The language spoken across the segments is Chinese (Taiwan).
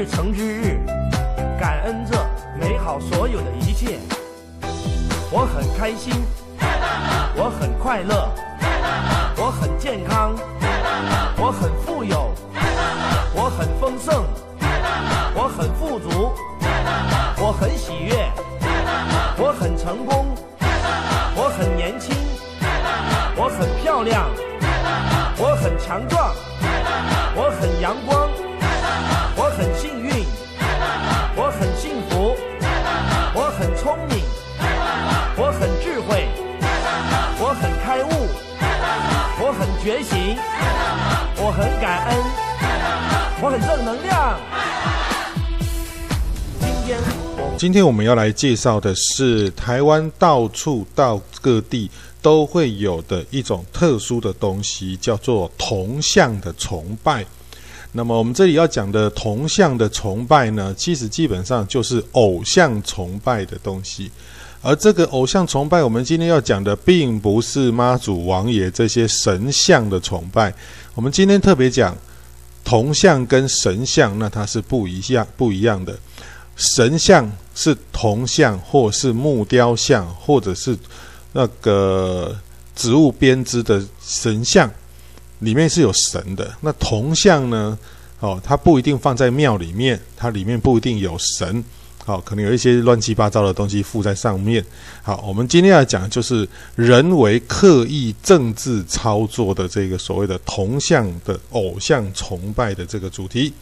日成之日，感恩這美好所有的一切，我很開心，我很快樂，我很健康。今天我們要來介紹的是台灣到處到各地都會有的一種特殊的東西，叫做銅像的崇拜。那麼我們這裡要講的銅像的崇拜呢，其實基本上就是偶像崇拜的東西。而這個偶像崇拜，我們今天要講的並不是媽祖王爺這些神像的崇拜。我們今天特別講銅像跟神像，那它是不一樣不一樣的神像。是銅像，或是木雕像，或者是那個植物編織的神像，裡面是有神的。那銅像呢？哦，它不一定放在廟裡面，它裡面不一定有神，哦，可能有一些亂七八糟的東西附在上面。好，我們今天要講的就是人為刻意政治操作的這個所謂的銅像的偶像崇拜的這個主題。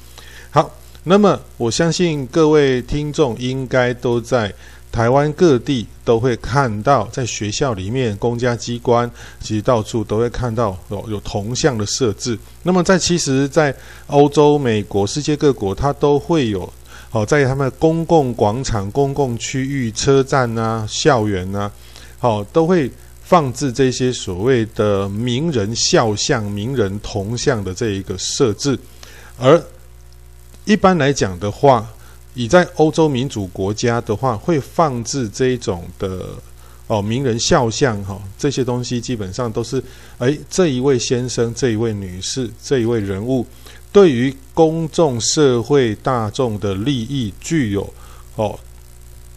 好。那麼，我相信各位聽眾應該都在台灣各地都會看到，在學校裡面、公家機關，其實到處都會看到有有銅像的設置。那麼在，在其實，在歐洲、美國、世界各國，它都會有好、哦，在他們公共廣場、公共區域、車站啊、校園啊，好、哦、都會放置這些所謂的名人肖像、名人銅像的這一個設置，而。一般來講的話，你在歐洲民主國家的話，會放置這種的哦，名人肖像哈、哦，這些東西基本上都是哎這一位先生、這一位女士、這一位人物，對於公眾社會大眾的利益具有哦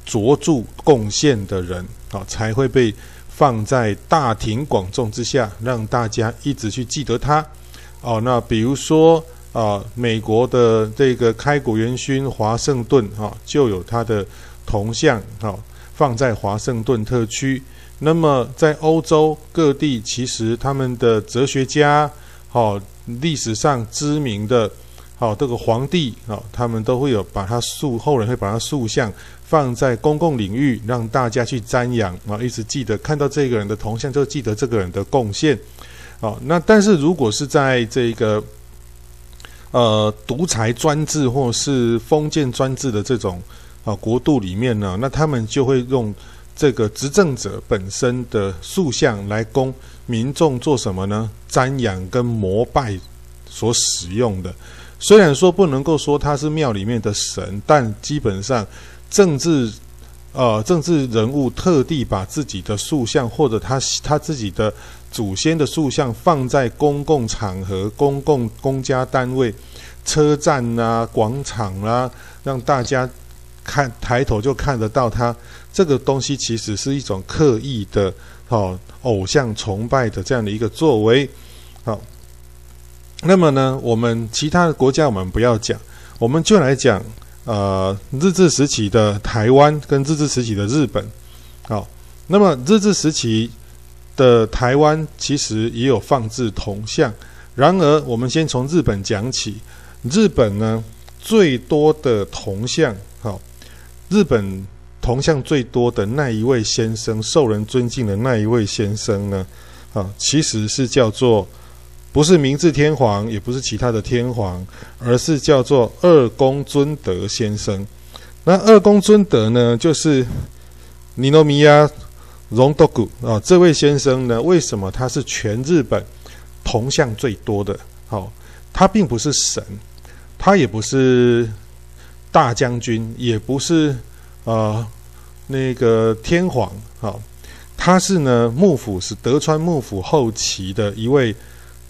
卓著貢獻的人啊、哦，才會被放在大庭廣眾之下，讓大家一直去記得他哦。那比如說。啊，美國的這個開國元勛華盛頓哈、啊，就有他的銅像哈、啊，放在華盛頓特區。那麼在歐洲各地，其實他們的哲學家、好、啊、歷史上知名的、好、啊、這個皇帝、啊、他們都會有把他塑，後人會把他塑像放在公共領域，讓大家去瞻仰啊，一直記得看到這個人的銅像，就記得這個人的貢獻。好、啊，那但是如果是在這個。呃，獨裁專制或是封建專制的這種啊、呃、國度裡面呢，那他們就會用這個執政者本身的塑像來供民眾做什麼呢？瞻仰跟膜拜所使用的。雖然說不能夠說他是廟裡面的神，但基本上政治呃政治人物特地把自己的塑像或者他他自己的。祖先的塑像放在公共場合、公共公家單位、車站啊、廣場啊，讓大家看抬頭就看得到它。這個東西其實是一種刻意的哦，偶像崇拜的這樣的一個作為。好、哦，那麼呢，我們其他的國家我們不要講，我們就來講呃日治時期的台灣跟日治時期的日本。好、哦，那麼日治時期。的台灣其實也有放置銅像，然而我們先從日本講起。日本呢，最多的銅像，好，日本銅像最多的那一位先生，受人尊敬的那一位先生呢，啊，其實是叫做，不是明治天皇，也不是其他的天皇，而是叫做二宮尊德先生。那二宮尊德呢，就是尼諾米亞。榮德谷啊，這位先生呢，為什麼他是全日本銅像最多的？哦，他並不是神，他也不是大將軍，也不是啊、呃。那個天皇。好、哦，他是呢幕府是德川幕府後期的一位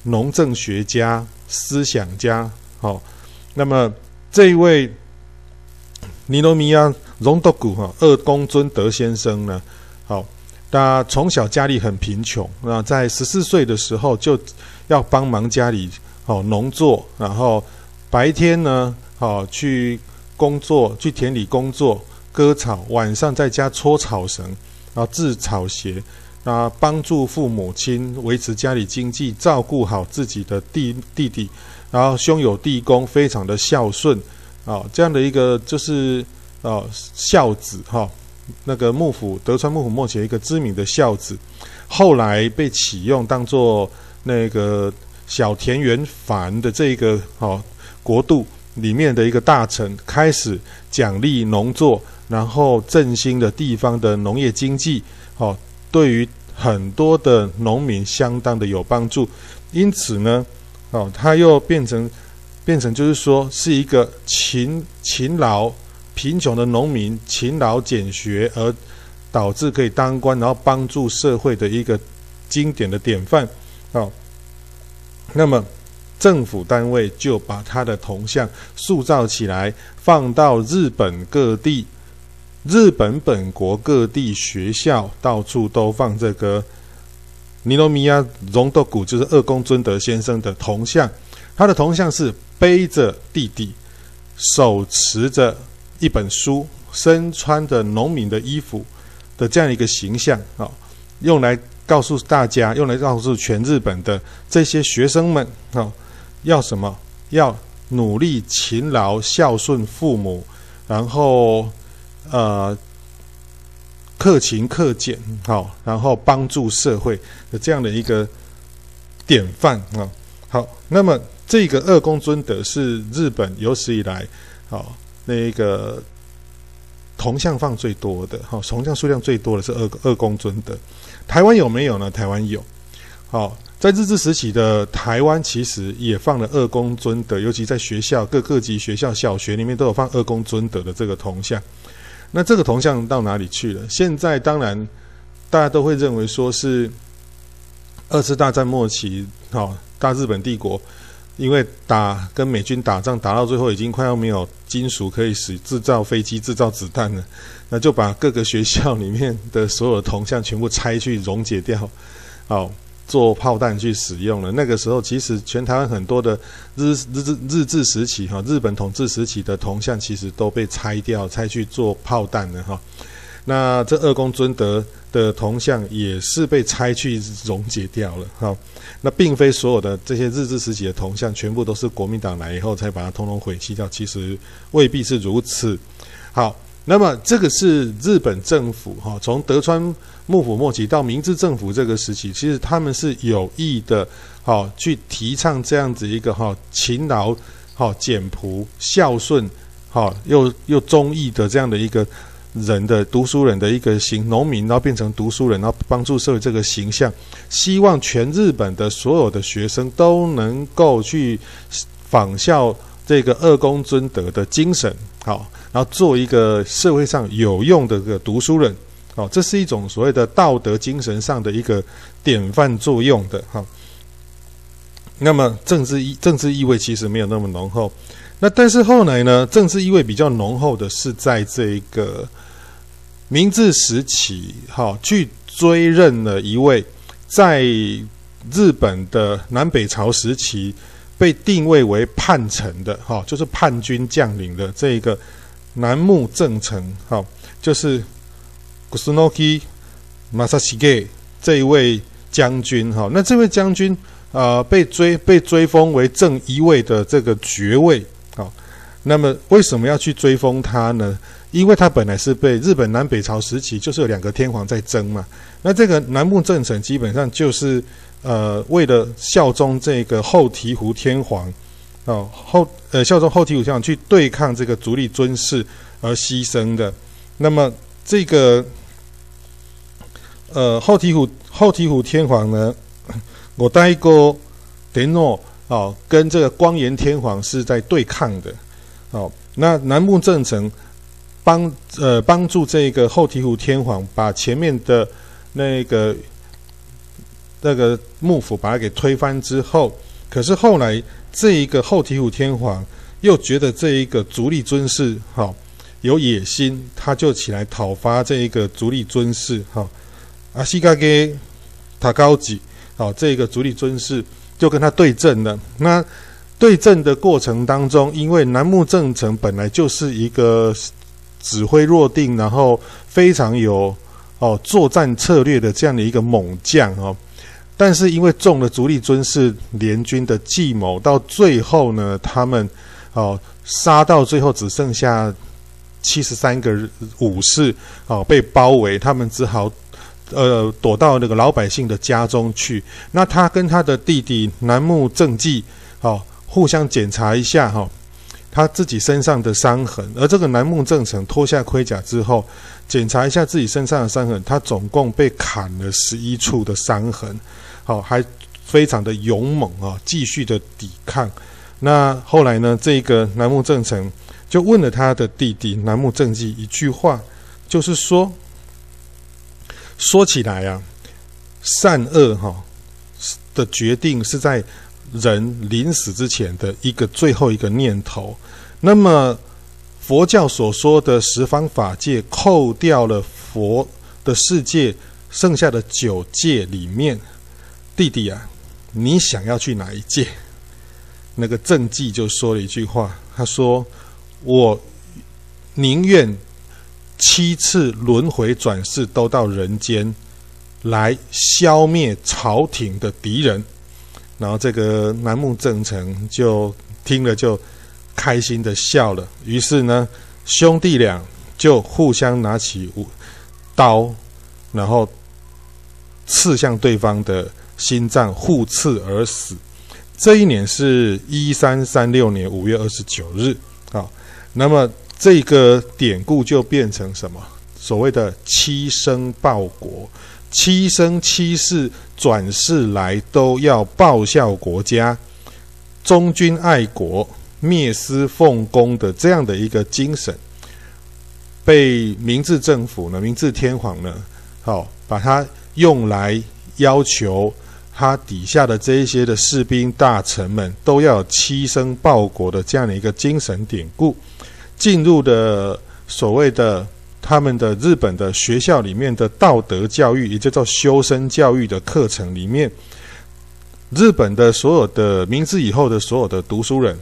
農政學家、思想家。好、哦，那麼這一位尼羅米亞榮德谷哈二宮尊德先生呢，他從小家裡很貧窮，那在十四歲的時候就，要幫忙家裡哦農作，然後白天呢哦去工作，去田裡工作割草，晚上在家搓草繩，然後制草鞋，啊幫助父母親維持家裡經濟，照顧好自己的弟弟弟，然後兄友弟恭，非常的孝順啊，這樣的一個就是哦孝子哈。那個幕府，德川幕府末期一個知名的孝子，後來被啟用當做那個小田原藩的這一個哦國度裡面的一個大臣，開始獎勵農作，然後振興的地方的農業經濟，哦，對於很多的農民相當的有幫助。因此呢，哦，他又變成變成就是說是一個勤勤勞。貧窮的農民勤勞儉學，而導致可以當官，然後幫助社會的一個經典的典範。哦，那麼政府單位就把他的銅像塑造起來，放到日本各地、日本本國各地學校到處都放這個尼羅米亞榮德谷，就是二宮尊德先生的銅像。他的銅像是背着弟弟，手持着。一本書，身穿的農民的衣服的這樣一個形象啊、哦，用來告訴大家，用來告訴全日本的這些學生們啊、哦，要什麼？要努力、勤勞、孝順父母，然後呃克勤克儉，好、哦，然後幫助社會的這樣的一個典範啊、哦。好，那麼這個二宮尊德是日本有史以來啊。哦那一個銅像放最多的哈，銅像數量最多的是二二宮尊德。台灣有沒有呢？台灣有。好、哦，在日治時期的台灣其實也放了二宮尊德，尤其在學校各個級學校、小學裡面都有放二宮尊德的這個銅像。那這個銅像到哪裡去了？現在當然大家都會認為說是二次大戰末期，哦、大日本帝國。因為打跟美軍打仗打到最後已經快要沒有金屬可以使製造飛機、製造子彈了，那就把各個學校裡面的所有銅像全部拆去溶解掉，好做炮彈去使用了。那個時候，其實全台灣很多的日日日日治時期哈，日本統治時期的銅像其實都被拆掉、拆去做炮彈了哈。那這二宮尊德的銅像也是被拆去溶解掉了，哈。那並非所有的這些日治時期的銅像全部都是國民黨來以後才把它通通毀棄掉，其實未必是如此。好，那麼這個是日本政府哈，從德川幕府末期到明治政府這個時期，其實他們是有意的，哈去提倡這樣子一個哈勤勞、哈儉樸、孝順、哈又又忠義的這樣的一個。人的讀書人的一個形農民，然後變成讀書人，然後幫助社會這個形象，希望全日本的所有的學生都能夠去仿效這個二宮尊德的精神，好，然後做一個社會上有用的個讀書人，好、哦，這是一種所謂的道德精神上的一個典範作用的哈。那麼政治意政治意味其實沒有那麼濃厚。那但是後來呢？政治意味比較濃厚的是在這一個明治時期，哈、哦，去追認了一位在日本的南北朝時期被定位為叛臣的，哈、哦，就是叛軍將領的這一個楠木正成，哈、哦，就是古斯諾基馬薩奇蓋這一位將軍，哈、哦，那這位將軍啊、呃，被追被追封為正一位的這個爵位。好，那麼為什麼要去追封他呢？因為他本來是被日本南北朝時期，就是有兩個天皇在爭嘛。那這個楠木正成基本上就是呃，為了效忠這個後醍醐天皇，哦，後呃效忠後醍醐天皇去對抗這個足利尊氏而犧牲的。那麼這個呃後醍醐後醍醐天皇呢，我帶一個諾。哦，跟這個光嚴天皇是在對抗的。哦，那楠木正成幫呃幫助這個後醍醐天皇把前面的那個那個幕府把它給推翻之後，可是後來這一個後醍醐天皇又覺得這一個足利尊氏好、哦、有野心，他就起來討伐這一個足利尊氏，好、哦，阿西嘎給塔高吉，好、哦，這個足利尊氏。就跟他對陣了。那對陣的過程當中，因為楠木正成本來就是一個指揮若定，然後非常有哦作戰策略的這樣的一個猛將哦，但是因為中了足利尊氏聯軍的計謀，到最後呢，他們哦殺到最後只剩下七十三個武士哦被包圍，他們只好。呃，躲到那個老百姓的家中去。那他跟他的弟弟楠木正季，哦，互相檢查一下哈、哦，他自己身上的傷痕。而這個楠木正成脫下盔甲之後，檢查一下自己身上的傷痕，他總共被砍了十一處的傷痕，好、哦，還非常的勇猛啊、哦，繼續的抵抗。那後來呢，這個楠木正成就問了他的弟弟楠木正季一句話，就是說。說起來啊，善惡哈的決定是在人臨死之前的一個最後一個念頭。那麼佛教所說的十方法界扣掉了佛的世界，剩下的九界裡面，弟弟啊，你想要去哪一界？那個政績就說了一句話，他說：“我寧願。”七次輪回轉世都到人間，來消滅朝廷的敵人，然後這個楠木正成就聽了就開心的笑了。於是呢，兄弟倆就互相拿起刀，然後刺向對方的心臟，互刺而死。這一年是一三三六年五月二十九日啊，那麼。這個典故就變成什麼？所謂的“七生報國”，七生七世轉世來都要報效國家、忠君愛國、滅私奉公的這樣的一個精神，被明治政府呢，明治天皇呢，好、哦、把它用來要求他底下的這些的士兵、大臣們都要“七生報國”的這樣的一個精神典故。進入的所謂的他們的日本的學校裡面的道德教育，也就叫做修身教育的課程裡面，日本的所有的明治以後的所有的讀書人，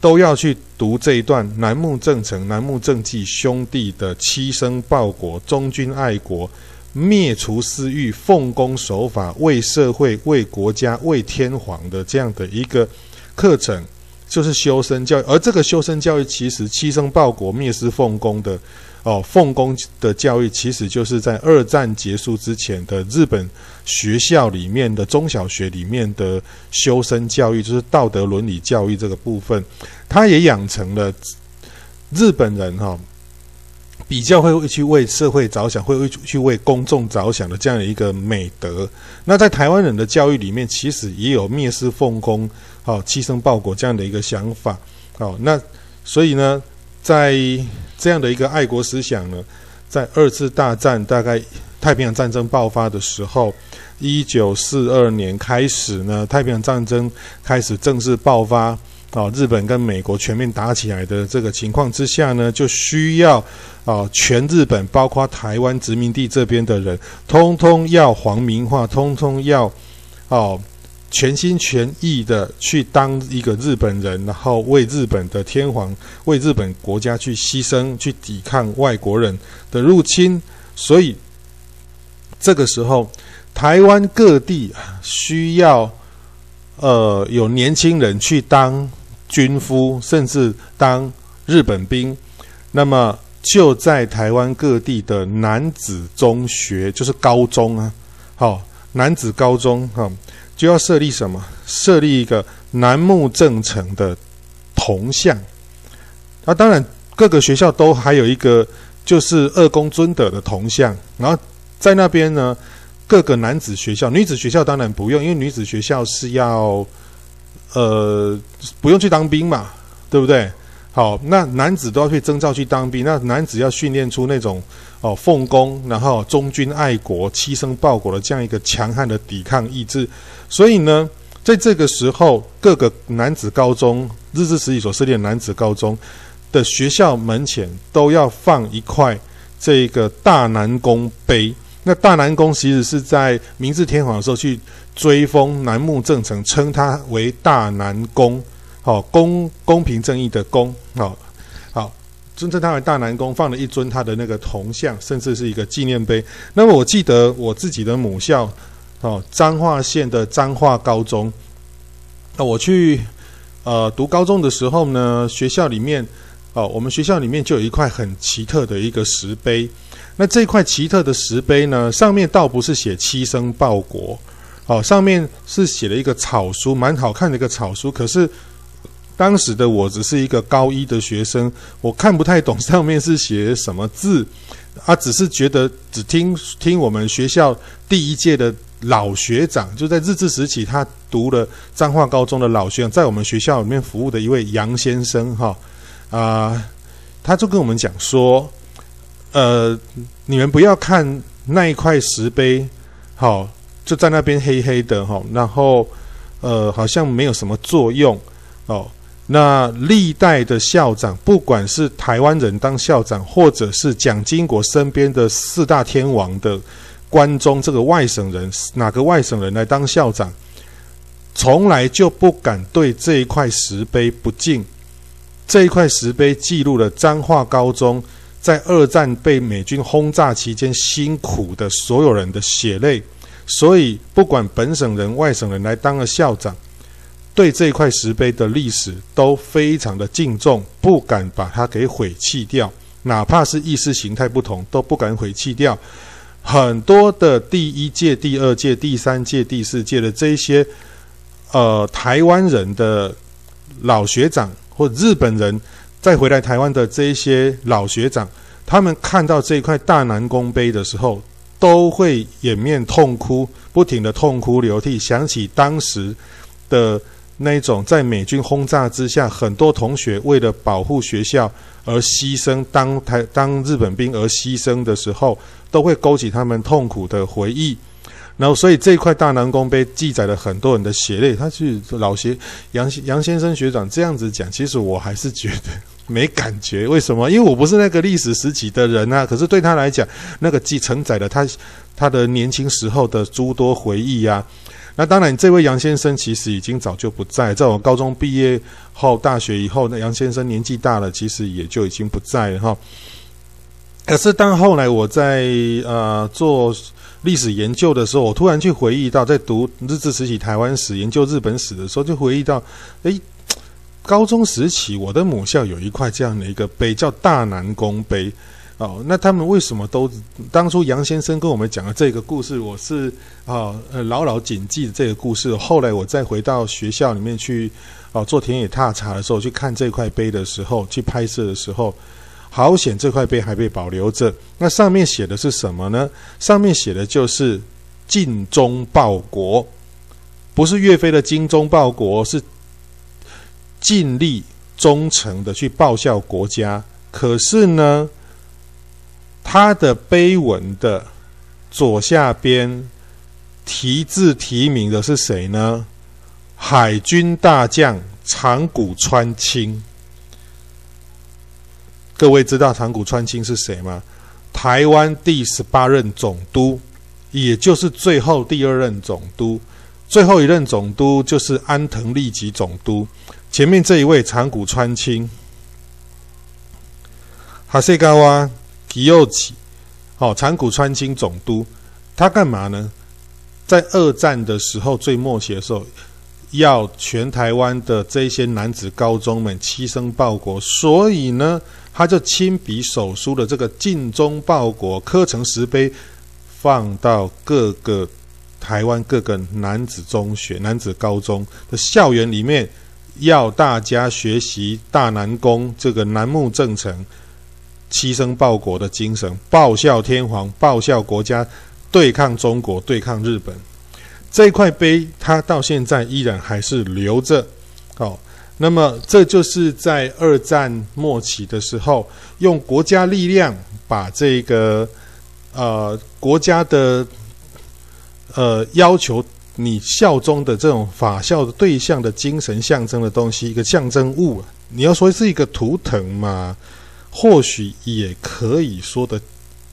都要去讀這一段楠木正成、楠木正績兄弟的七生報國、忠君愛國、滅除私欲、奉公守法、為社會、為國家、為天皇的這樣的一個課程。就是修身教育，而這個修身教育，其實“七生報國、滅私奉公的”的哦，奉公的教育，其實就是在二戰結束之前的日本學校裡面的中小學裡面的修身教育，就是道德倫理教育這個部分，它也養成了日本人哈、哦，比較會去為社會着想，會去去為公眾着想的這樣的一個美德。那在台灣人的教育裡面，其實也有“滅私奉公”。好，犧牲報國這樣的一個想法，好、哦，那所以呢，在這樣的一個愛國思想呢，在二次大戰大概太平洋戰爭爆發的時候，一九四二年開始呢，太平洋戰爭開始正式爆發，啊、哦，日本跟美國全面打起來的這個情況之下呢，就需要啊、哦，全日本包括台灣殖民地這邊的人，通通要皇民化，通通要哦。全心全意的去當一個日本人，然後為日本的天皇、為日本國家去犧牲、去抵抗外國人的入侵。所以，這個時候，台灣各地需要，呃，有年輕人去當軍夫，甚至當日本兵。那麼，就在台灣各地的男子中學，就是高中啊，好、哦，男子高中哈。哦就要設立什麼？設立一個楠木正成的銅像。那、啊、當然，各個學校都還有一個，就是二宮尊德的銅像。然後在那邊呢，各個男子學校、女子學校當然不用，因為女子學校是要，呃，不用去當兵嘛，對不對？好，那男子都要去徵召去當兵。那男子要訓練出那種哦，奉公，然後忠君愛國、犧牲報國的這樣一個強悍的抵抗意志。所以呢，在這個時候，各個男子高中、日治時期所設立的男子高中的學校門前都要放一塊這個大楠公碑。那大楠公其實是在明治天皇的時候去追封楠木正成，稱他為大楠公，好、哦、公公平正義的公，哦、好好尊稱他為大楠公，放了一尊他的那個銅像，甚至是一個紀念碑。那麼我記得我自己的母校。哦，彰化縣的彰化高中，那、啊，我去呃讀高中的時候呢，學校裡面哦，我們學校裡面就有一塊很奇特的一個石碑。那這塊奇特的石碑呢，上面倒不是寫“犧牲報國”，哦，上面是寫了一個草書，蠻好看的一個草書。可是當時的我只是一個高一的學生，我看不太懂上面是寫什麼字，啊，只是覺得只聽聽我們學校第一屆的。老學長就在日治時期，他讀了彰化高中的老學長，在我們學校裡面服務的一位楊先生，哈啊，呃，他就跟我們講說，呃，你們不要看那一塊石碑，好，就在那邊黑黑的哈，然後呃，好像沒有什麼作用哦。那歷代的校長，不管是台灣人當校長，或者是蔣經國身邊的四大天王的。關中這個外省人，哪個外省人來當校長，從來就不敢對這一塊石碑不敬。這一塊石碑記錄了彰化高中在二戰被美軍轟炸期間辛苦的所有人的血淚，所以不管本省人、外省人來當了校長，對這塊石碑的歷史都非常的敬重，不敢把它給毀棄掉。哪怕是意識形態不同，都不敢毀棄掉。很多的第一屆、第二屆、第三屆、第四屆的這些，呃，台灣人的老學長或日本人，再回來台灣的這些老學長，他們看到這塊大南宮碑的時候，都會掩面痛哭，不停的痛哭流涕，想起當時的。那一種在美軍轟炸之下，很多同學為了保護學校而犧牲，當台當日本兵而犧牲的時候，都會勾起他們痛苦的回憶。然後，所以這塊大南宮碑記載了很多人的血淚。他是老學楊楊先生學長這樣子講，其實我還是覺得沒感覺。為什麼？因為我不是那個歷史時期的人啊。可是對他來講，那個記承載了他他的年輕時候的諸多回憶呀、啊。那當然，這位楊先生其實已經早就不在，在我高中畢業後、大學以後，那楊先生年紀大了，其實也就已經不在了哈。可是當後來我在呃做歷史研究的時候，我突然去回憶到，在讀日治時期台灣史、研究日本史的時候，就回憶到，哎，高中時期我的母校有一塊這樣的一個碑，叫大南宮碑。哦，那他們為什麼都當初楊先生跟我們講的這個故事，我是啊、哦、呃牢牢謹記這個故事。後來我再回到學校裡面去啊、哦，做田野踏查的時候，去看這塊碑的時候，去拍攝的時候，好險這塊碑還被保留着。那上面寫的是什麼呢？上面寫的就是“盡忠報國”，不是岳飛的“精忠報國”，是盡力忠誠的去報效國家。可是呢？他的碑文的左下邊題字題名的是誰呢？海軍大將長谷川清。各位知道長谷川清是誰嗎？台灣第十八任總督，也就是最後第二任總督。最後一任總督就是安藤利吉總督。前面這一位長谷川清。哈斯高瓦吉右吉，哦，長谷川清總督，他幹嘛呢？在二戰的時候最末期的時候，要全台灣的這些男子高中們犧牲報國，所以呢，他就親筆手書的這個“盡忠報國”刻成石碑，放到各個台灣各個男子中學、男子高中的校園裡面，要大家學習大南宮這個楠木正成。犧牲報國的精神，報效天皇，報效國家，對抗中國，對抗日本。這塊碑它到現在依然還是留着。好、哦，那麼這就是在二戰末期的時候，用國家力量把這個呃國家的呃要求你效忠的這種法效的對象的精神象徵的東西，一個象徵物，你要說是一個圖騰嘛？或許也可以說的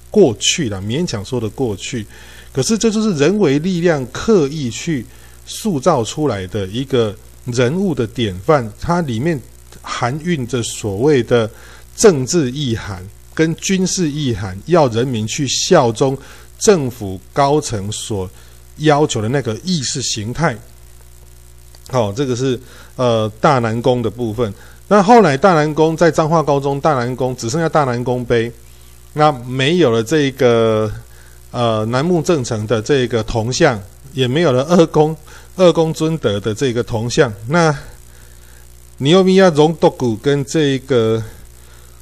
過去了，勉強說的過去。可是這就是人為力量刻意去塑造出來的一個人物的典範，它裡面含蘊着所謂的政治意涵跟軍事意涵，要人民去效忠政府高層所要求的那個意識形態。好，哦，這個是呃大南宮的部分。那後來大南宮在彰化高中，大南宮只剩下大南宮碑，那沒有了這個呃楠木正成的這個銅像，也沒有了二宮二宮尊德的這個銅像。那尼歐米亞榮多古跟這個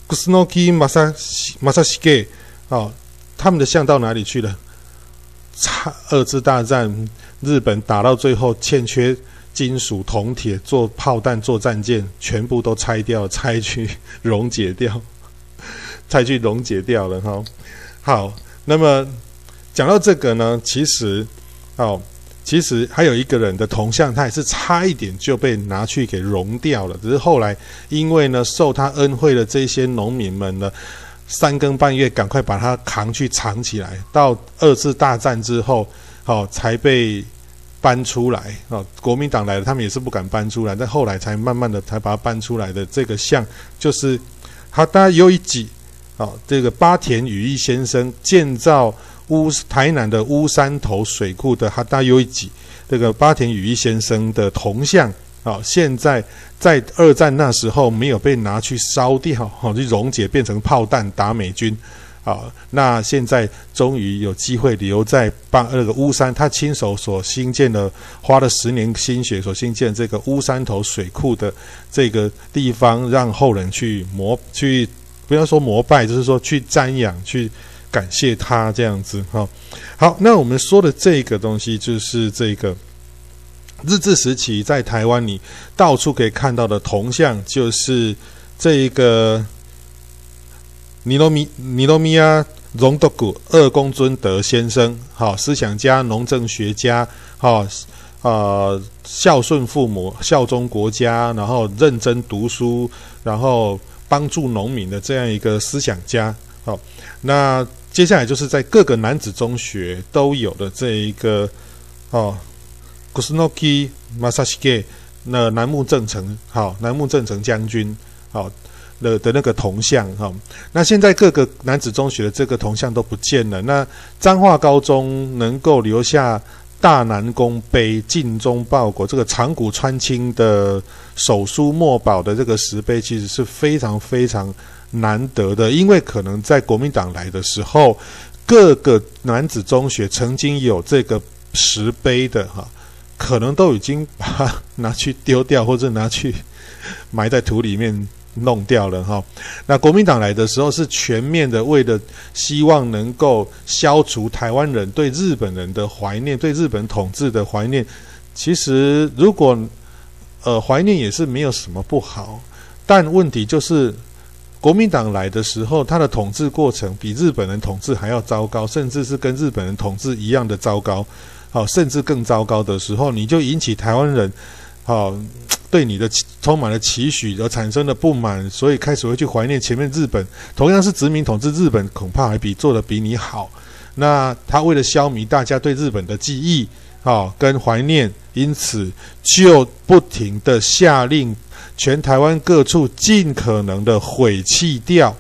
古斯諾基馬薩馬薩西給哦，他們的像到哪裡去了？差二次大戰日本打到最後欠缺。金屬銅鐵做炮彈、做戰艦，全部都拆掉，拆去溶解掉，拆去溶解掉了哈。好，那麼講到這個呢，其實，哦，其實還有一個人的銅像，他也是差一點就被拿去給熔掉了，只是後來因為呢，受他恩惠的這些農民們呢，三更半夜趕快把他扛去藏起來，到二次大戰之後，好，哦，才被，搬出來啊、哦！國民黨來了，他們也是不敢搬出來。但後來才慢慢的才把它搬出來的這個像，就是哈大優一集，好、哦，這個八田與一先生建造烏台南的烏山頭水庫的哈大優一集，這個八田與一先生的銅像，好、哦，現在在二戰那時候沒有被拿去燒掉，好、哦、就溶解變成炮彈打美軍。好，那現在終於有機會留在半那個烏山，他親手所興建的，花了十年心血所興建的這個烏山頭水庫的這個地方，讓後人去膜去，不要說膜拜，就是說去瞻仰，去感謝他這樣子哈、哦。好，那我們說的這個東西，就是這個日治時期在台灣你到處可以看到的銅像，就是這一個。尼羅米尼羅米亞榮德谷二宮尊德先生，好、哦、思想家、農政學家，好、哦、啊、呃，孝順父母、效忠國家，然後認真讀書，然後幫助農民的這樣一個思想家。好、哦，那接下來就是在各個男子中學都有的這一個哦，Kusunoki Masashige 那楠木正成，好、哦、楠木正成將軍，好、哦。的的那個銅像哈、哦，那現在各個男子中學的這個銅像都不見了。那彰化高中能夠留下大楠公碑、盡忠報國這個長谷川清的手書墨寶的這個石碑，其實是非常非常難得的，因為可能在國民黨來的時候，各個男子中學曾經有這個石碑的哈、哦，可能都已經把它拿去丟掉，或者拿去埋在土裡面。弄掉了哈，那國民黨來的時候是全面的，為了希望能夠消除台灣人對日本人的懷念，對日本統治的懷念。其實如果呃懷念也是沒有什麼不好，但問題就是國民黨來的時候，他的統治過程比日本人統治還要糟糕，甚至是跟日本人統治一樣的糟糕，好，甚至更糟糕的時候，你就引起台灣人好。對你的充滿了期許而產生的不滿，所以開始會去懷念前面日本，同樣是殖民統治，日本恐怕還比做得比你好。那他為了消弭大家對日本的記憶，啊、哦，跟懷念，因此就不停地下令，全台灣各處盡可能的毀棄掉、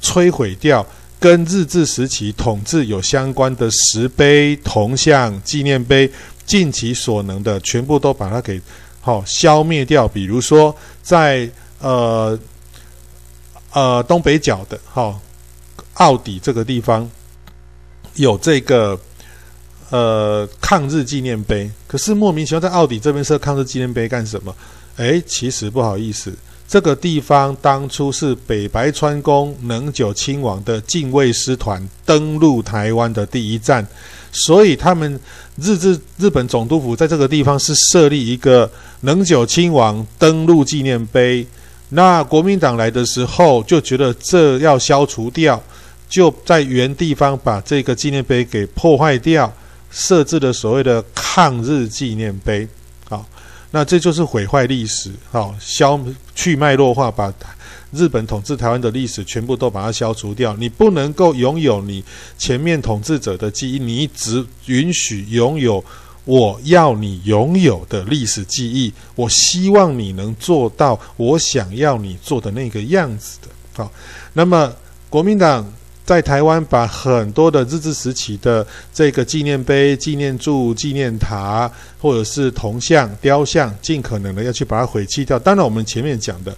摧毀掉跟日治時期統治有相關的石碑、銅像、紀念碑，盡其所能的全部都把它給。好、哦，消滅掉。比如說，在呃呃東北角的哈、哦，澳底這個地方有這個呃抗日紀念碑。可是莫名其妙在澳底這邊設抗日紀念碑幹什麼？哎，其實不好意思，這個地方當初是北白川宮能久親王的近衛師團登陸台灣的第一站。所以他們日治，日本總督府在這個地方是設立一個能久親王登陸紀念碑。那國民黨來的時候就覺得這要消除掉，就在原地方把這個紀念碑給破壞掉，設置了所謂的抗日紀念碑。好，那這就是毀壞歷史，好，消去脈絡化，把。日本統治台灣的歷史全部都把它消除掉，你不能夠擁有你前面統治者的記憶，你只允許擁有我要你擁有的歷史記憶。我希望你能做到我想要你做的那個樣子的。好，那麼國民黨在台灣把很多的日治時期的這個紀念碑、紀念柱、紀念塔，或者是銅像、雕像，盡可能的要去把它毀棄掉。當然，我們前面講的。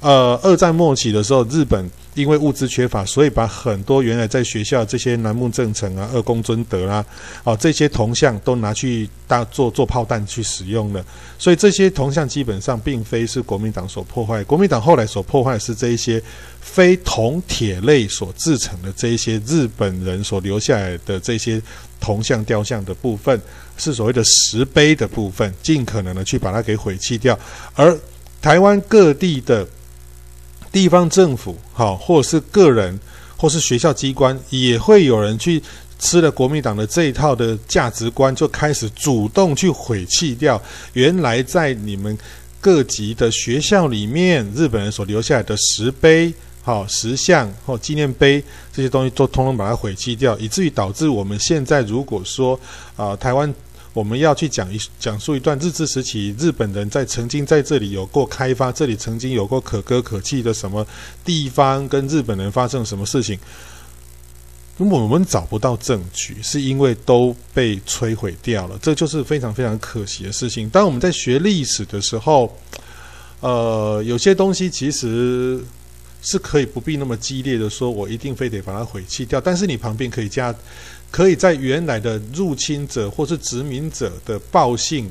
呃，二戰末期的時候，日本因為物資缺乏，所以把很多原來在學校這些楠木正成啊、二宮尊德啊，哦、啊、這些銅像都拿去當做做炮彈去使用了。所以這些銅像基本上並非是國民黨所破壞，國民黨後來所破壞的是這一些非銅鐵類所制成的這一些日本人所留下來的這些銅像雕像的部分，是所謂的石碑的部分，盡可能的去把它給毀棄掉。而台灣各地的。地方政府，好，或者是個人，或是學校機關，也會有人去吃了國民黨的這一套的價值觀，就開始主動去毀棄掉原來在你們各級的學校裡面日本人所留下來的石碑、好石像或紀念碑這些東西，都通通把它毀棄掉，以至於導致我們現在如果說啊、呃，台灣。我們要去講一講述一段日治時期，日本人在曾經在這裡有過開發，這裡曾經有過可歌可泣的什麼地方，跟日本人發生什麼事情？如果我們找不到證據，是因為都被摧毀掉了，這就是非常非常可惜的事情。當我們在學歷史的時候，呃，有些東西其實是可以不必那麼激烈的說，我一定非得把它毀棄掉，但是你旁邊可以加。可以在原來的入侵者或是殖民者，的暴行，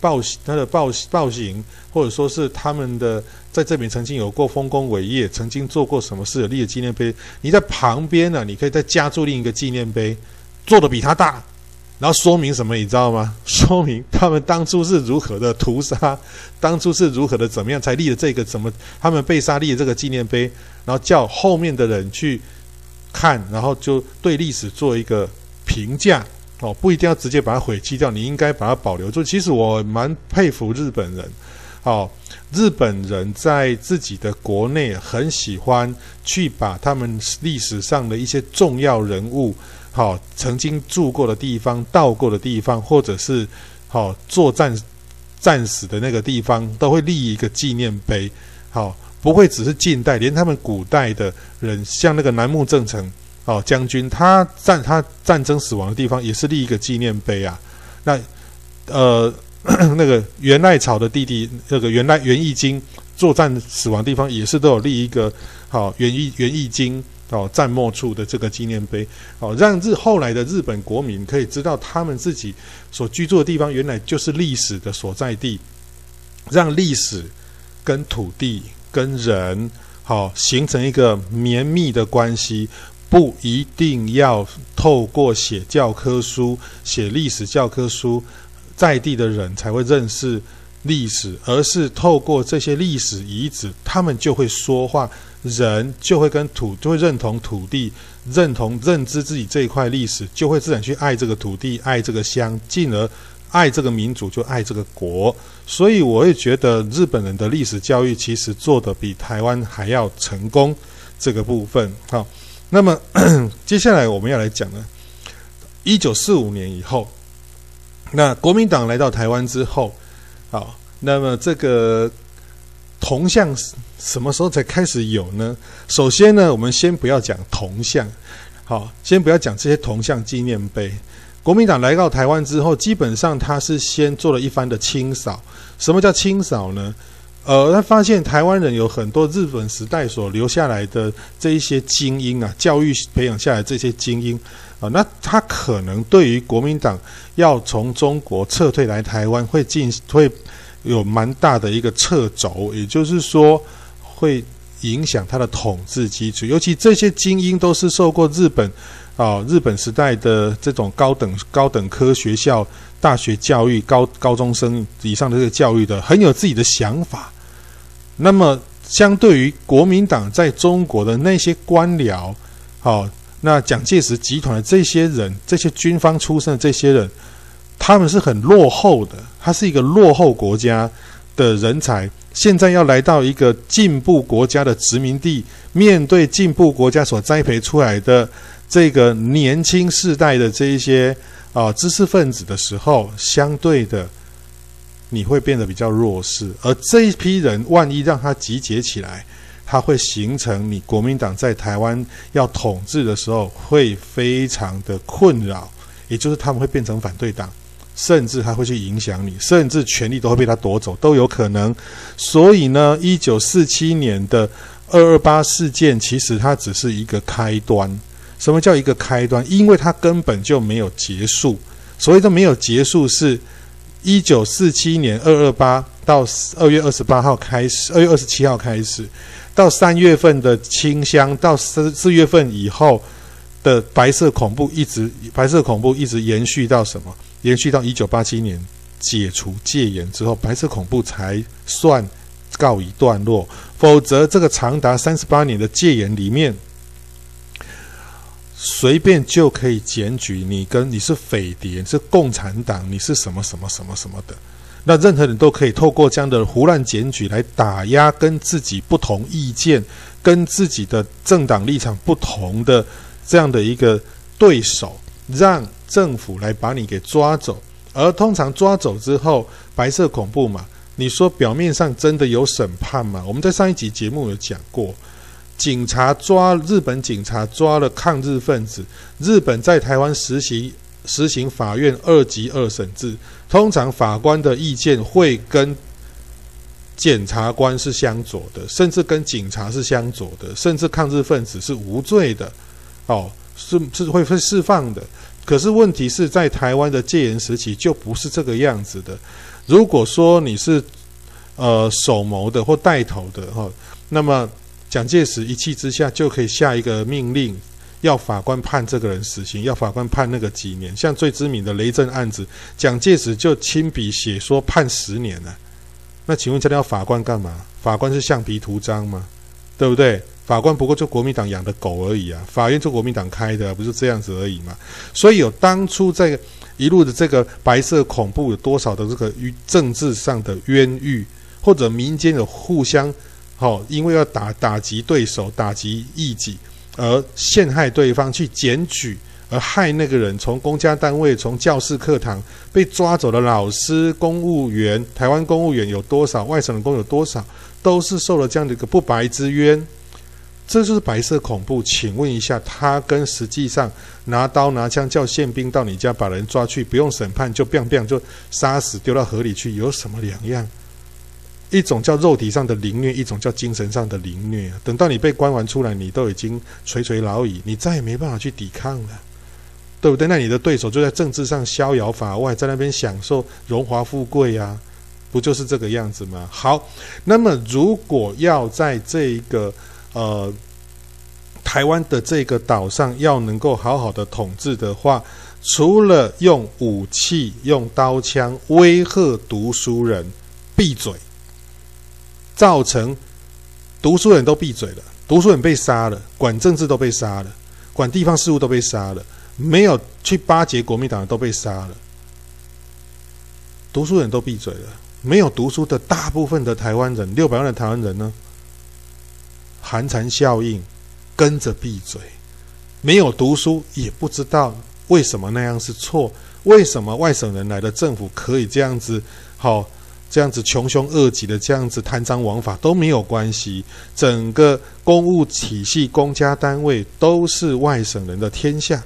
暴行他的暴暴行，或者說是他們的在這邊曾經有過豐功偉業，曾經做過什麼事立的紀念碑，你在旁邊呢、啊，你可以再加注另一個紀念碑，做的比他大，然後說明什麼，你知道嗎？說明他們當初是如何的屠殺，當初是如何的怎麼樣才立的這個怎麼他們被殺立的這個紀念碑，然後叫後面的人去看，然後就對歷史做一個。評價哦，不一定要直接把它毀棄掉，你應該把它保留住。其實我蠻佩服日本人，好，日本人在自己的國內很喜歡去把他們歷史上的一些重要人物，好，曾經住過的地方、到過的地方，或者是好作戰戰死的那個地方，都會立一個紀念碑。好，不會只是近代，連他們古代的人，像那個楠木正成。哦，將軍他戰他戰爭死亡的地方也是立一個紀念碑啊。那呃，那個源賴朝的弟弟，那個源源義經作戰死亡地方也是都有立一個好源義源義經哦戰歿處的這個紀念碑哦，讓日後來的日本國民可以知道他們自己所居住的地方原來就是歷史的所在地，讓歷史跟土地跟人好、哦、形成一個綿密的關係。不一定要透過寫教科書、寫歷史教科書，在地的人才會認識歷史，而是透過這些歷史遺址，他們就會說話，人就會跟土就會認同土地，認同認知自己這一塊歷史，就會自然去愛這個土地、愛這個鄉，進而愛這個民族，就愛這個國。所以，我會覺得日本人的歷史教育其實做的比台灣還要成功。這個部分，哈那麼接下來我們要來講呢，一九四五年以後，那國民黨來到台灣之後，啊，那麼這個銅像什麼時候才開始有呢？首先呢，我們先不要講銅像，好，先不要講這些銅像紀念碑。國民黨來到台灣之後，基本上他是先做了一番的清掃。什麼叫清掃呢？呃，他發現台灣人有很多日本時代所留下來的這一些精英啊，教育培養下來的這些精英啊，呃，那他可能對於國民黨要從中國撤退來台灣，會進會有蠻大的一個掣肘，也就是說會影響他的統治基礎，尤其這些精英都是受過日本。哦，日本時代的這種高等高等科學校、大學教育、高高中生以上的這個教育的，很有自己的想法。那麼，相對於國民黨在中國的那些官僚，好、哦，那蔣介石集團的這些人、這些軍方出身的這些人，他們是很落後的，他是一個落後國家的人才。現在要來到一個進步國家的殖民地，面對進步國家所栽培出來的。這個年輕世代的這一些啊、呃，知識分子的時候，相對的你會變得比較弱勢。而這一批人，萬一讓他集結起來，他會形成你國民黨在台灣要統治的時候，會非常的困擾。也就是他們會變成反對黨，甚至他會去影響你，甚至權力都會被他奪走，都有可能。所以呢，一九四七年的二二八事件，其實它只是一個開端。什麼叫一個開端？因為它根本就沒有結束。所謂都沒有結束，是一九四七年二二八到二月二十八號開始，二月二十七號開始，到三月份的清鄉，到四四月份以後的白色恐怖，一直白色恐怖一直延續到什麼？延續到一九八七年解除戒嚴之後，白色恐怖才算告一段落。否則，這個長達三十八年的戒嚴裡面。隨便就可以檢舉你，跟你是匪諜，是共產黨，你是什麼什麼什麼什麼的。那任何人都可以透過這樣的胡亂檢舉來打壓跟自己不同意見、跟自己的政黨立場不同的這樣的一個對手，讓政府來把你給抓走。而通常抓走之後，白色恐怖嘛，你說表面上真的有審判嗎？我們在上一集節目有講過。警察抓，日本警察抓了抗日分子。日本在台灣實行實行法院二級二審制，通常法官的意見會跟檢察官是相左的，甚至跟警察是相左的，甚至抗日分子是無罪的，哦，是是會會釋放的。可是問題是在台灣的戒嚴時期就不是這個樣子的。如果說你是呃首謀的或帶頭的哈、哦，那麼。蔣介石一氣之下就可以下一個命令，要法官判這個人死刑，要法官判那個幾年。像最知名的雷震案子，蔣介石就親筆寫說判十年了。那請問這裡要法官幹嘛？法官是橡皮圖章嗎？對不對？法官不過就國民黨養的狗而已啊，法院就國民黨開的啊，不是這樣子而已嘛。所以有當初在一路的這個白色恐怖，有多少的這個與政治上的冤獄，或者民間有互相。好，因為要打打擊對手、打擊異己，而陷害對方去，去檢舉而害那個人，從公家單位、從教室課堂被抓走的老師、公務員，台灣公務員有多少？外省人工有多少？都是受了這樣的一個不白之冤，這就是白色恐怖。請問一下，他跟實際上拿刀拿槍叫憲兵到你家把人抓去，不用審判就砰砰就殺死丟到河裡去，有什麼兩樣？一種叫肉體上的凌虐，一種叫精神上的凌虐。等到你被關完出來，你都已經垂垂老矣，你再也沒辦法去抵抗了，對不對？那你的對手就在政治上逍遙法外，在那邊享受榮華富貴呀、啊，不就是這個樣子嗎？好，那麼如果要在這一個呃台灣的這個島上要能夠好好的統治的話，除了用武器、用刀槍威嚇讀書人閉嘴。造成讀書人都閉嘴了，讀書人被殺了，管政治都被殺了，管地方事務都被殺了，沒有去巴結國民黨的都被殺了，讀書人都閉嘴了，沒有讀書的大部分的台灣人，六百萬的台灣人呢，寒蟬效應跟着閉嘴，沒有讀書也不知道為什麼那樣是錯，為什麼外省人來的政府可以這樣子好。這樣子窮兇惡極的，這樣子貪贓枉法都沒有關係。整個公務體系、公家單位都是外省人的天下，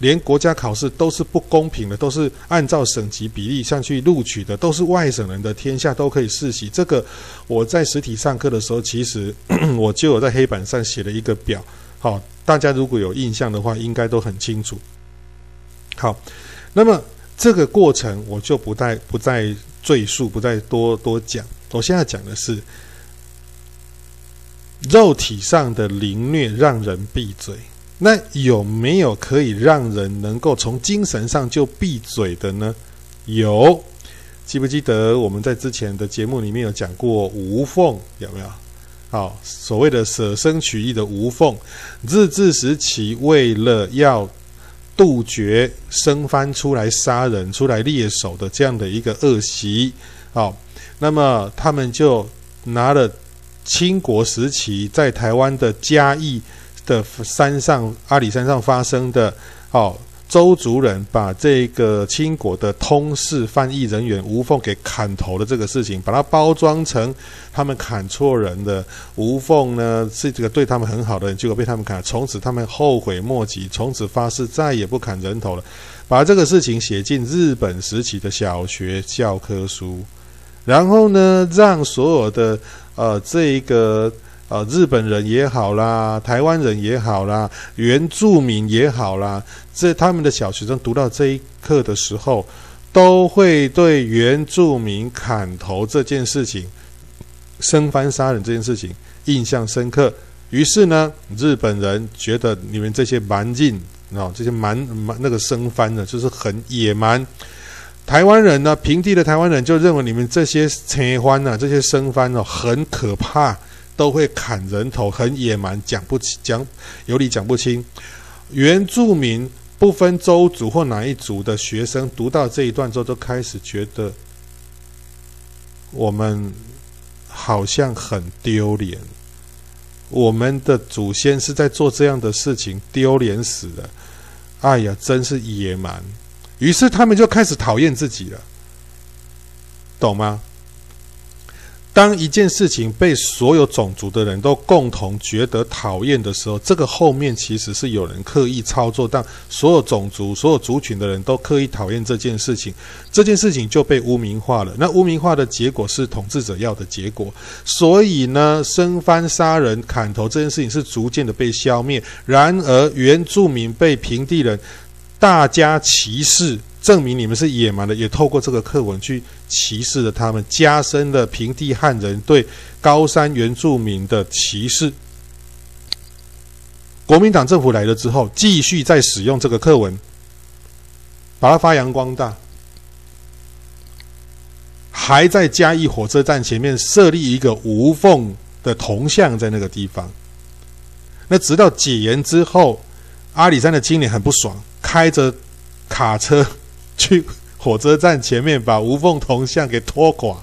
連國家考試都是不公平的，都是按照省級比例上去錄取的，都是外省人的天下，都可以世襲。這個我在實體上課的時候，其實咳咳我就有在黑板上寫了一個表，好，大家如果有印象的話，應該都很清楚。好，那麼。這個過程我就不再不再贅述，不再多多講。我現在講的是肉體上的凌虐，讓人閉嘴，那有沒有可以讓人能夠從精神上就閉嘴的呢？有，記不記得我們在之前的節目裡面有講過吳鳳有沒有？好，所謂的舍生取義的吳鳳，日治時期為了要。杜絕生番出來殺人、出來獵首的這樣的一個惡習，好、哦，那麼他們就拿了清國時期在台灣的嘉義的山上，阿里山上發生的，哦周族人把這個清國的通事翻譯人員吳鳳給砍頭的這個事情，把它包裝成他們砍錯人的吳鳳呢，是這個對他們很好的人，結果被他們砍，從此他們後悔莫及，從此發誓再也不砍人頭了，把這個事情寫進日本時期的小學教科書，然後呢，讓所有的呃這個。呃，日本人也好啦，台灣人也好啦，原住民也好啦，這他們的小學生讀到這一課的時候，都會對原住民砍頭這件事情、生番殺人這件事情印象深刻。於是呢，日本人覺得你們這些蠻勁啊，這些蠻蠻那個生番呢，就是很野蠻；台灣人呢，平地的台灣人就認為你們這些青番呢，這些生番哦，很可怕。都會砍人頭，很野蠻，講不講有理講不清。原住民不分州族或哪一族的學生，讀到這一段之後，都開始覺得我們好像很丟臉，我們的祖先是在做這樣的事情，丟臉死了。哎呀，真是野蠻！於是他們就開始討厭自己了，懂嗎？當一件事情被所有種族的人都共同覺得討厭的時候，這個後面其實是有人刻意操作，但所有種族、所有族群的人都刻意討厭這件事情，這件事情就被污名化了。那污名化的結果是統治者要的結果，所以呢，生番殺人、砍頭這件事情是逐漸的被消滅。然而，原住民被平地人大加歧視。證明你們是野蠻的，也透過這個課文去歧視了他們，加深了平地漢人對高山原住民的歧視。國民黨政府來了之後，繼續在使用這個課文，把它發揚光大，還在嘉義火車站前面設立一個吳鳳的銅像在那個地方。那直到解嚴之後，阿里山的青年很不爽，開着卡車。去火車站前面把吳鳳銅像給拖垮，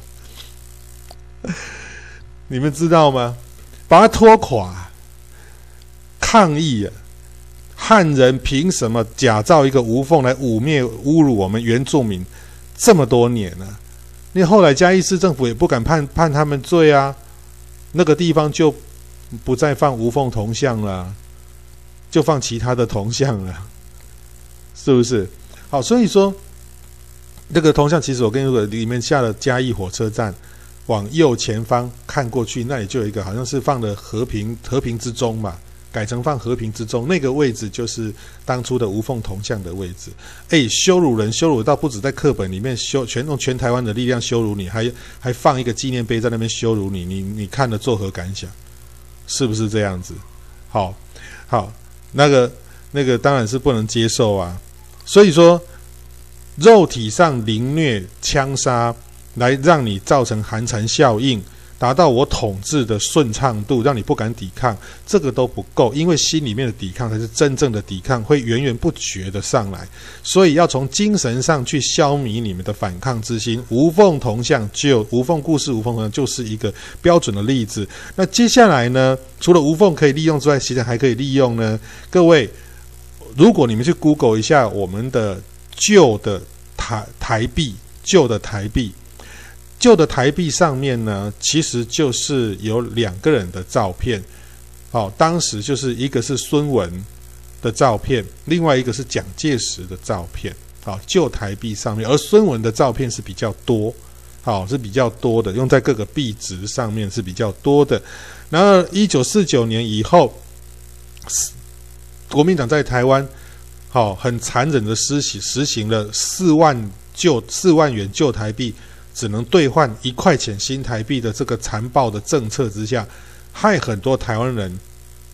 你們知道嗎？把它拖垮，抗議啊！漢人憑什麼假造一個吳鳳來污蔑、侮辱我們原住民這麼多年了？那後來嘉義市政府也不敢判判他們罪啊，那個地方就不再放吳鳳銅像了，就放其他的銅像了，是不是？好，所以說。那個銅像，其實我跟你說，裡面下了嘉義火車站，往右前方看過去，那裡就有一個，好像是放的和平、和平之鐘嘛，改成放和平之鐘。那個位置就是當初的吳鳳銅像的位置。哎，羞辱人，羞辱到不止在課本裡面羞，全用全台灣的力量羞辱你，還還放一個紀念碑在那邊羞辱你，你你看了作何感想？是不是這樣子？好，好，那個那個當然是不能接受啊，所以說。肉體上凌虐、槍殺，來讓你造成寒蟬效應，達到我統治的順暢度，讓你不敢抵抗。這個都不夠，因為心裡面的抵抗才是真正的抵抗，會源源不絕地上來。所以要從精神上去消弭你們的反抗之心。吳鳳同向，就吳鳳故事，吳鳳呢就是一個標準的例子。那接下來呢，除了吳鳳可以利用之外，其實還可以利用呢。各位，如果你們去 Google 一下我們的。舊的台台幣，舊的台幣，舊的台幣上面呢，其實就是有兩個人的照片，好、哦，當時就是一個是孫文的照片，另外一個是蔣介石的照片，好、哦，舊台幣上面，而孫文的照片是比較多，好、哦，是比較多的，用在各個幣值上面是比較多的。然後一九四九年以後，國民黨在台灣。好，很殘忍的實行實行了四萬舊四萬元舊台幣只能兌換一塊錢新台幣的這個殘暴的政策之下，害很多台灣人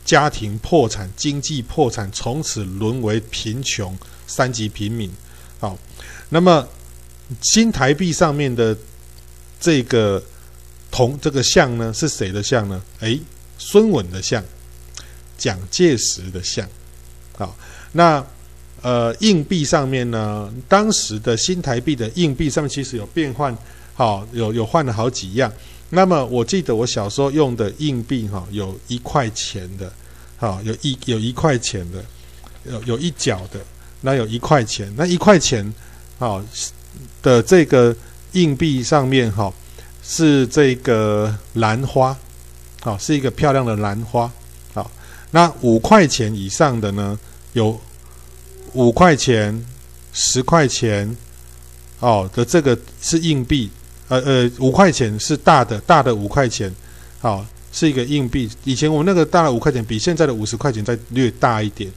家庭破產、經濟破產，從此淪為貧窮三級平民。好，那麼新台幣上面的這個銅這個像呢，是誰的像呢？哎，孫文的像，蔣介石的像。好，那呃，硬幣上面呢，當時的新台幣的硬幣上面其實有變換，好、哦，有有換了好幾樣。那麼我記得我小時候用的硬幣，哈、哦，有一塊錢的，好、哦，有一有一塊錢的，有有一角的，那有一塊錢，那一塊錢，好、哦，的這個硬幣上面，哈、哦，是這個蘭花，好、哦，是一個漂亮的蘭花，好、哦，那五塊錢以上的呢，有。五塊錢、十塊錢，哦的這個是硬幣，呃呃，五塊錢是大的，大的五塊錢，好、哦、是一個硬幣。以前我們那個大的五塊錢，比現在的五十塊錢再略大一點。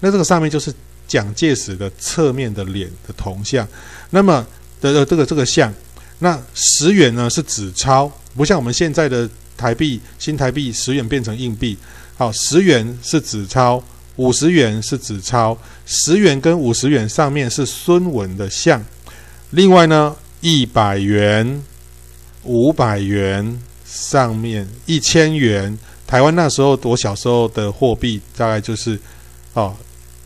那這個上面就是蔣介石的側面的臉的銅像，那麼的，的，的這個這個像。那十元呢是紙鈔，不像我們現在的台幣新台幣十元變成硬幣，好、哦、十元是紙鈔。五十元是紙鈔，十元跟五十元上面是孫文的像。另外呢，一百元、五百元上面一千元。台灣那時候我小時候的貨幣大概就是，哦，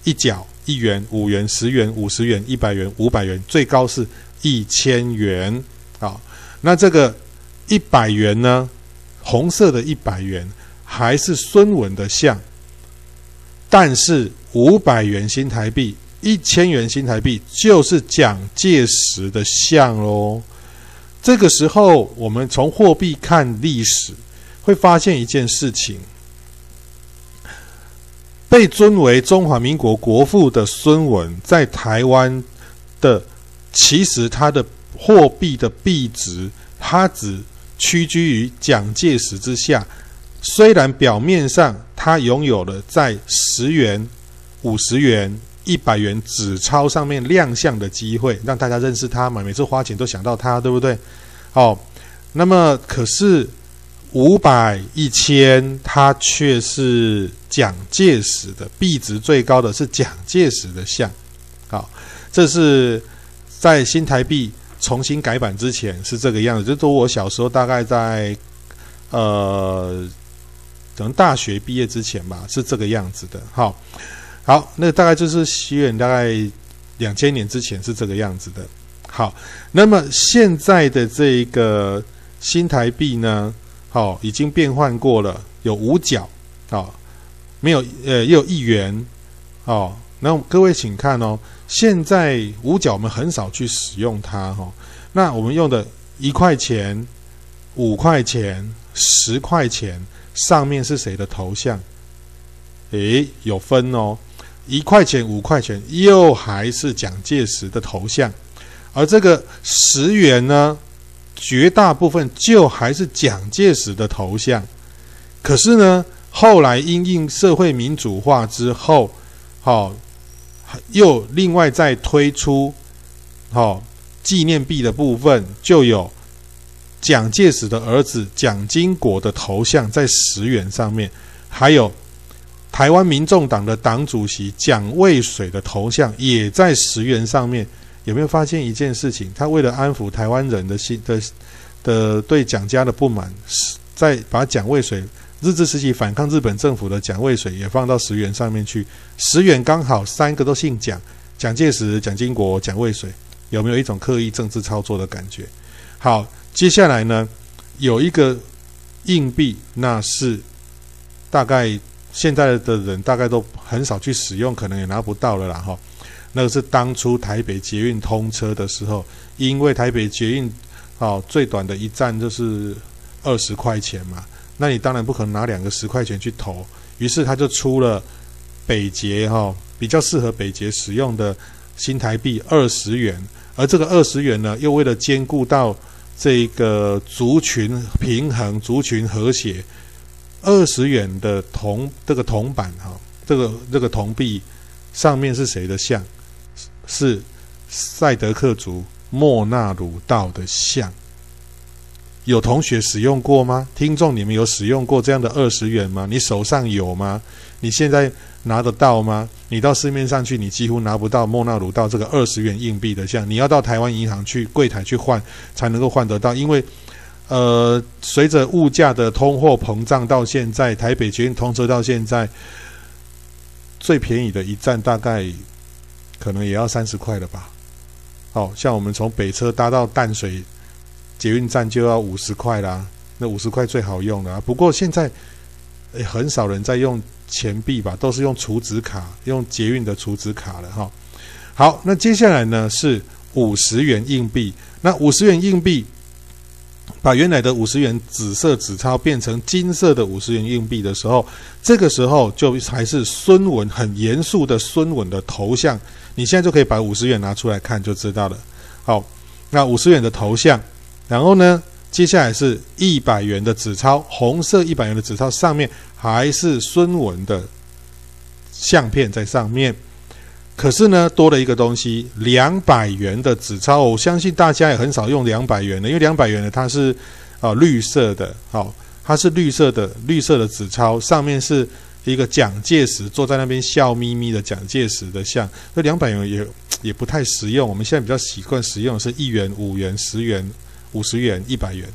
一角、一元、五元、十元、五十元、一百元、五百元，最高是一千元。啊、哦，那這個一百元呢，紅色的一百元還是孫文的像。但是五百元新台幣、一千元新台幣，就是蔣介石的像咯。這個時候，我們從貨幣看歷史，會發現一件事情：被尊為中華民國國父的孫文，在台灣的其實他的貨幣的幣值，他只屈居於蔣介石之下，雖然表面上。他擁有了在十元、五十元、一百元紙鈔上面亮相的機會，讓大家認識他嘛。每次花錢都想到他，對不對？好，那麼可是五百、一千，他卻是蔣介石的幣值，最高的是蔣介石的像。好，這是在新台幣重新改版之前是這個樣子，就是我小時候大概在呃。可能大學畢業之前吧，是這個樣子的。好，好，那大概就是西元大概兩千年之前是這個樣子的。好，那麼現在的這一個新台幣呢，好、哦，已經變換過了，有五角，好、哦，沒有，呃，也有一元，好、哦，那各位請看哦，現在五角我們很少去使用它，哈、哦，那我們用的一塊錢、五塊錢、十塊錢。上面是誰的頭像？誒，有分哦，一塊錢、五塊錢，又還是蔣介石的頭像；而這個十元呢，絕大部分就還是蔣介石的頭像。可是呢，後來因應社會民主化之後，好、哦，又另外再推出好、哦、紀念幣的部分，就有。蔣介石的兒子蔣經國的頭像在十元上面，還有台灣民眾黨的黨主席蔣渭水的頭像也在十元上面。有沒有發現一件事情？他為了安撫台灣人的心的的對蔣家的不滿，是在把蔣渭水日治時期反抗日本政府的蔣渭水也放到十元上面去。十元剛好三個都姓蔣：蔣介石、蔣經國、蔣渭水。有沒有一種刻意政治操作的感覺？好。接下來呢，有一個硬幣，那是大概現在的人大概都很少去使用，可能也拿不到了啦。哈，那個是當初台北捷運通車的時候，因為台北捷運哦最短的一站就是二十塊錢嘛，那你當然不可能拿兩個十塊錢去投，於是他就出了北捷，哈，比較適合北捷使用的新台幣二十元，而這個二十元呢，又為了兼顧到。這一個族群平衡、族群和諧。二十元的銅，這個銅板哈，這個這個銅幣上面是誰的像？是塞德克族莫那魯道的像。有同學使用過嗎？聽眾，你們有使用過這樣的二十元嗎？你手上有嗎？你現在？拿得到嗎？你到市面上去，你幾乎拿不到莫那魯道這個二十元硬幣的像。你要到台灣銀行去櫃檯去換，才能夠換得到。因為，呃，隨着物價的通貨膨脹，到現在台北捷運通車到現在，最便宜的一站大概可能也要三十塊了吧？好、哦、像我們從北車搭到淡水捷運站就要五十塊啦。那五十塊最好用的，不過現在、欸、很少人在用。錢幣吧，都是用儲值卡，用捷運的儲值卡了哈。好，那接下來呢，是五十元硬幣。那五十元硬幣，把原來的五十元紫色紙鈔變成金色的五十元硬幣的時候，這個時候就還是孫文很嚴肅的孫文的頭像。你現在就可以把五十元拿出來看就知道了。好，那五十元的頭像，然後呢，接下來是一百元的紙鈔，紅色一百元的紙鈔上面，還是孫文的相片在上面，可是呢，多了一個東西，兩百元的紙鈔哦。我相信大家也很少用兩百元的，因為兩百元的它是啊綠色的，好，它是綠色的綠色的紙鈔，上面是一個蔣介石坐在那邊笑眯眯的蔣介石的像。那兩百元也也不太實用，我們現在比較習慣使用是一元、五元、十元、五十元、一百元。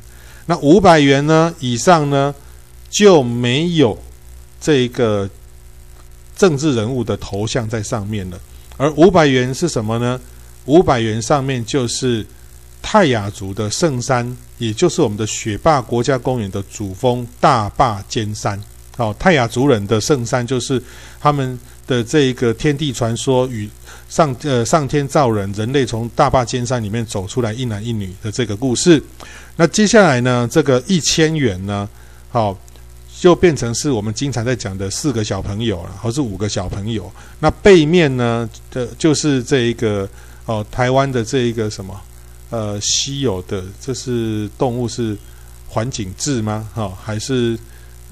那五百元呢？以上呢？就沒有這個政治人物的頭像在上面了，而五百元是什麼呢？五百元上面就是泰雅族的聖山，也就是我們的雪霸國家公園的主峰大霸尖山。好，泰雅族人的聖山就是他們的這個天地傳說與上呃，上天造人，人類從大霸尖山裡面走出來，一男一女的這個故事。那接下來呢，這個一千元呢，好。就變成是我們經常在講的四個小朋友了，啊，還是五個小朋友。那背面呢的，就是這一個哦，台灣的這一個什麼呃稀有的，這是動物是環頸雉嗎？哈，哦，還是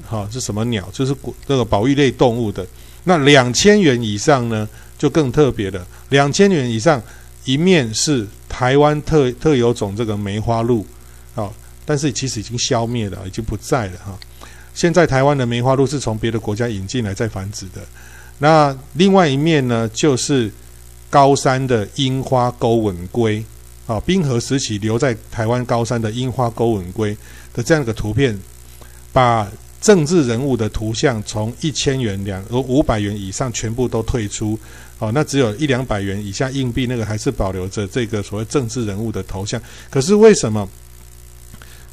哈、哦，是什麼鳥？就是國那個保育類動物的。那兩千元以上呢，就更特別了。兩千元以上一面是台灣特特有種這個梅花鹿，啊，哦，但是其實已經消滅了，已經不在了哈。哦現在台灣的梅花鹿是從別的國家引進來再繁殖的，那另外一面呢，就是高山的櫻花鉤吻鮭，啊，冰河時期留在台灣高山的櫻花鉤吻鮭的這樣一個圖片，把政治人物的圖像從一千元兩，呃五百元以上全部都退出，哦、啊，那只有一兩百元以下硬幣那個還是保留着這個所謂政治人物的頭像，可是為什麼？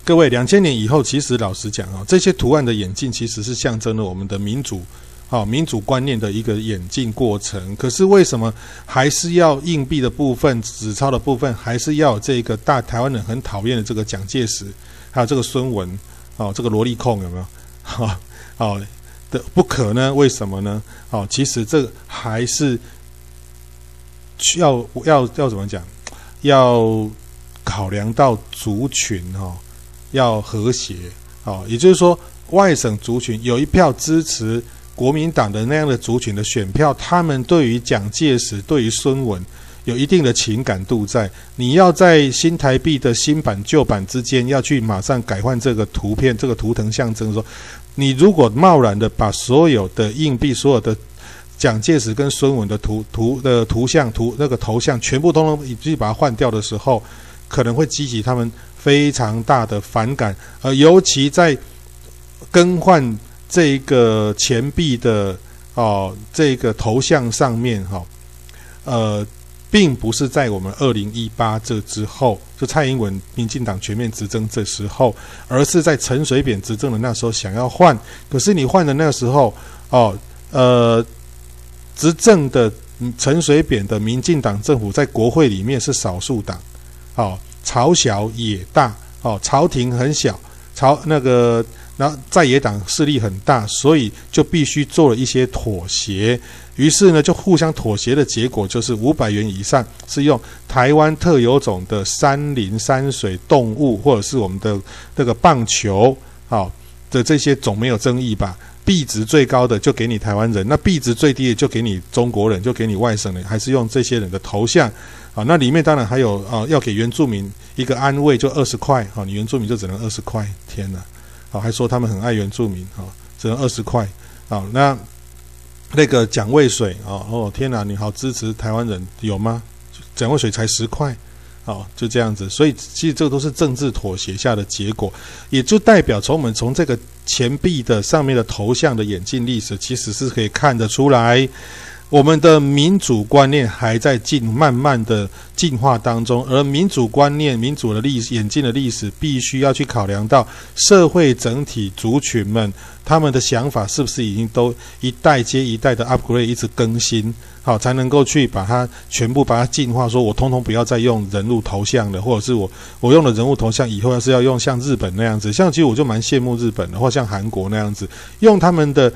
各位，兩千年以後，其實老實講啊，這些圖案的演進其實是象徵了我們的民主，好，民主觀念的一個演進過程。可是為什麼還是要硬幣的部分、紙鈔的部分，還是要這個大台灣人很討厭的這個蔣介石，還有這個孫文，好，這個蘿莉控有沒有？好，好的不可呢？為什麼呢？哦，其實這還是要要要怎麼講？要考量到族群哈。要和諧，好、哦，也就是說，外省族群有一票支持國民黨的那樣的族群的選票，他們對於蔣介石、對於孫文有一定的情感度在。你要在新台幣的新版舊版之間要去馬上改換這個圖片、這個圖騰象徵。說，你如果貿然的把所有的硬幣、所有的蔣介石跟孫文的圖圖的圖像、圖那個頭像全部都能一起把它換掉的時候，可能會激起他們非常大的反感，呃，尤其在更換這個錢幣的，哦，這個頭像上面哈，哦，呃，並不是在我們二零一八這之後，就蔡英文民進黨全面執政這時候，而是在陳水扁執政的那時候想要換，可是你換的那時候哦，呃，執政的陳水扁的民進黨政府在國會裡面是少數黨。哦，朝小野大，哦，朝廷很小，朝那個那在野黨勢力很大，所以就必須做了一些妥協。於是呢，就互相妥協的結果就是五百元以上是用台灣特有種的山林山水動物，或者是我們的那個棒球，好、哦，的這些總沒有爭議吧？幣值最高的就給你台灣人，那幣值最低的就給你中國人，就給你外省人，還是用這些人的頭像。好，那裡面當然還有啊、哦，要給原住民一個安慰就，就二十塊，你原住民就只能二十塊，天啊、哦，還說他們很愛原住民、哦、只能二十塊。那那個蔣渭水啊，哦，哦天啊，你好支持台灣人有嗎？蔣渭水才十塊、哦，就這樣子。所以其實這都是政治妥協下的結果，也就代表從我們從這個錢幣的上面的頭像的演進歷史，其實是可以看得出來。我們的民主觀念還在進，慢慢的進化當中。而民主觀念、民主的歷史、演進的歷史，必須要去考量到社會整體族群們他們的想法是不是已經都一代接一代的 upgrade，一直更新，好，才能夠去把它全部把它進化。說我通通不要再用人物頭像了，或者是我我用的人物頭像以後要是要用像日本那樣子，像其實我就蠻羨慕日本的，或像韓國那樣子，用他們的。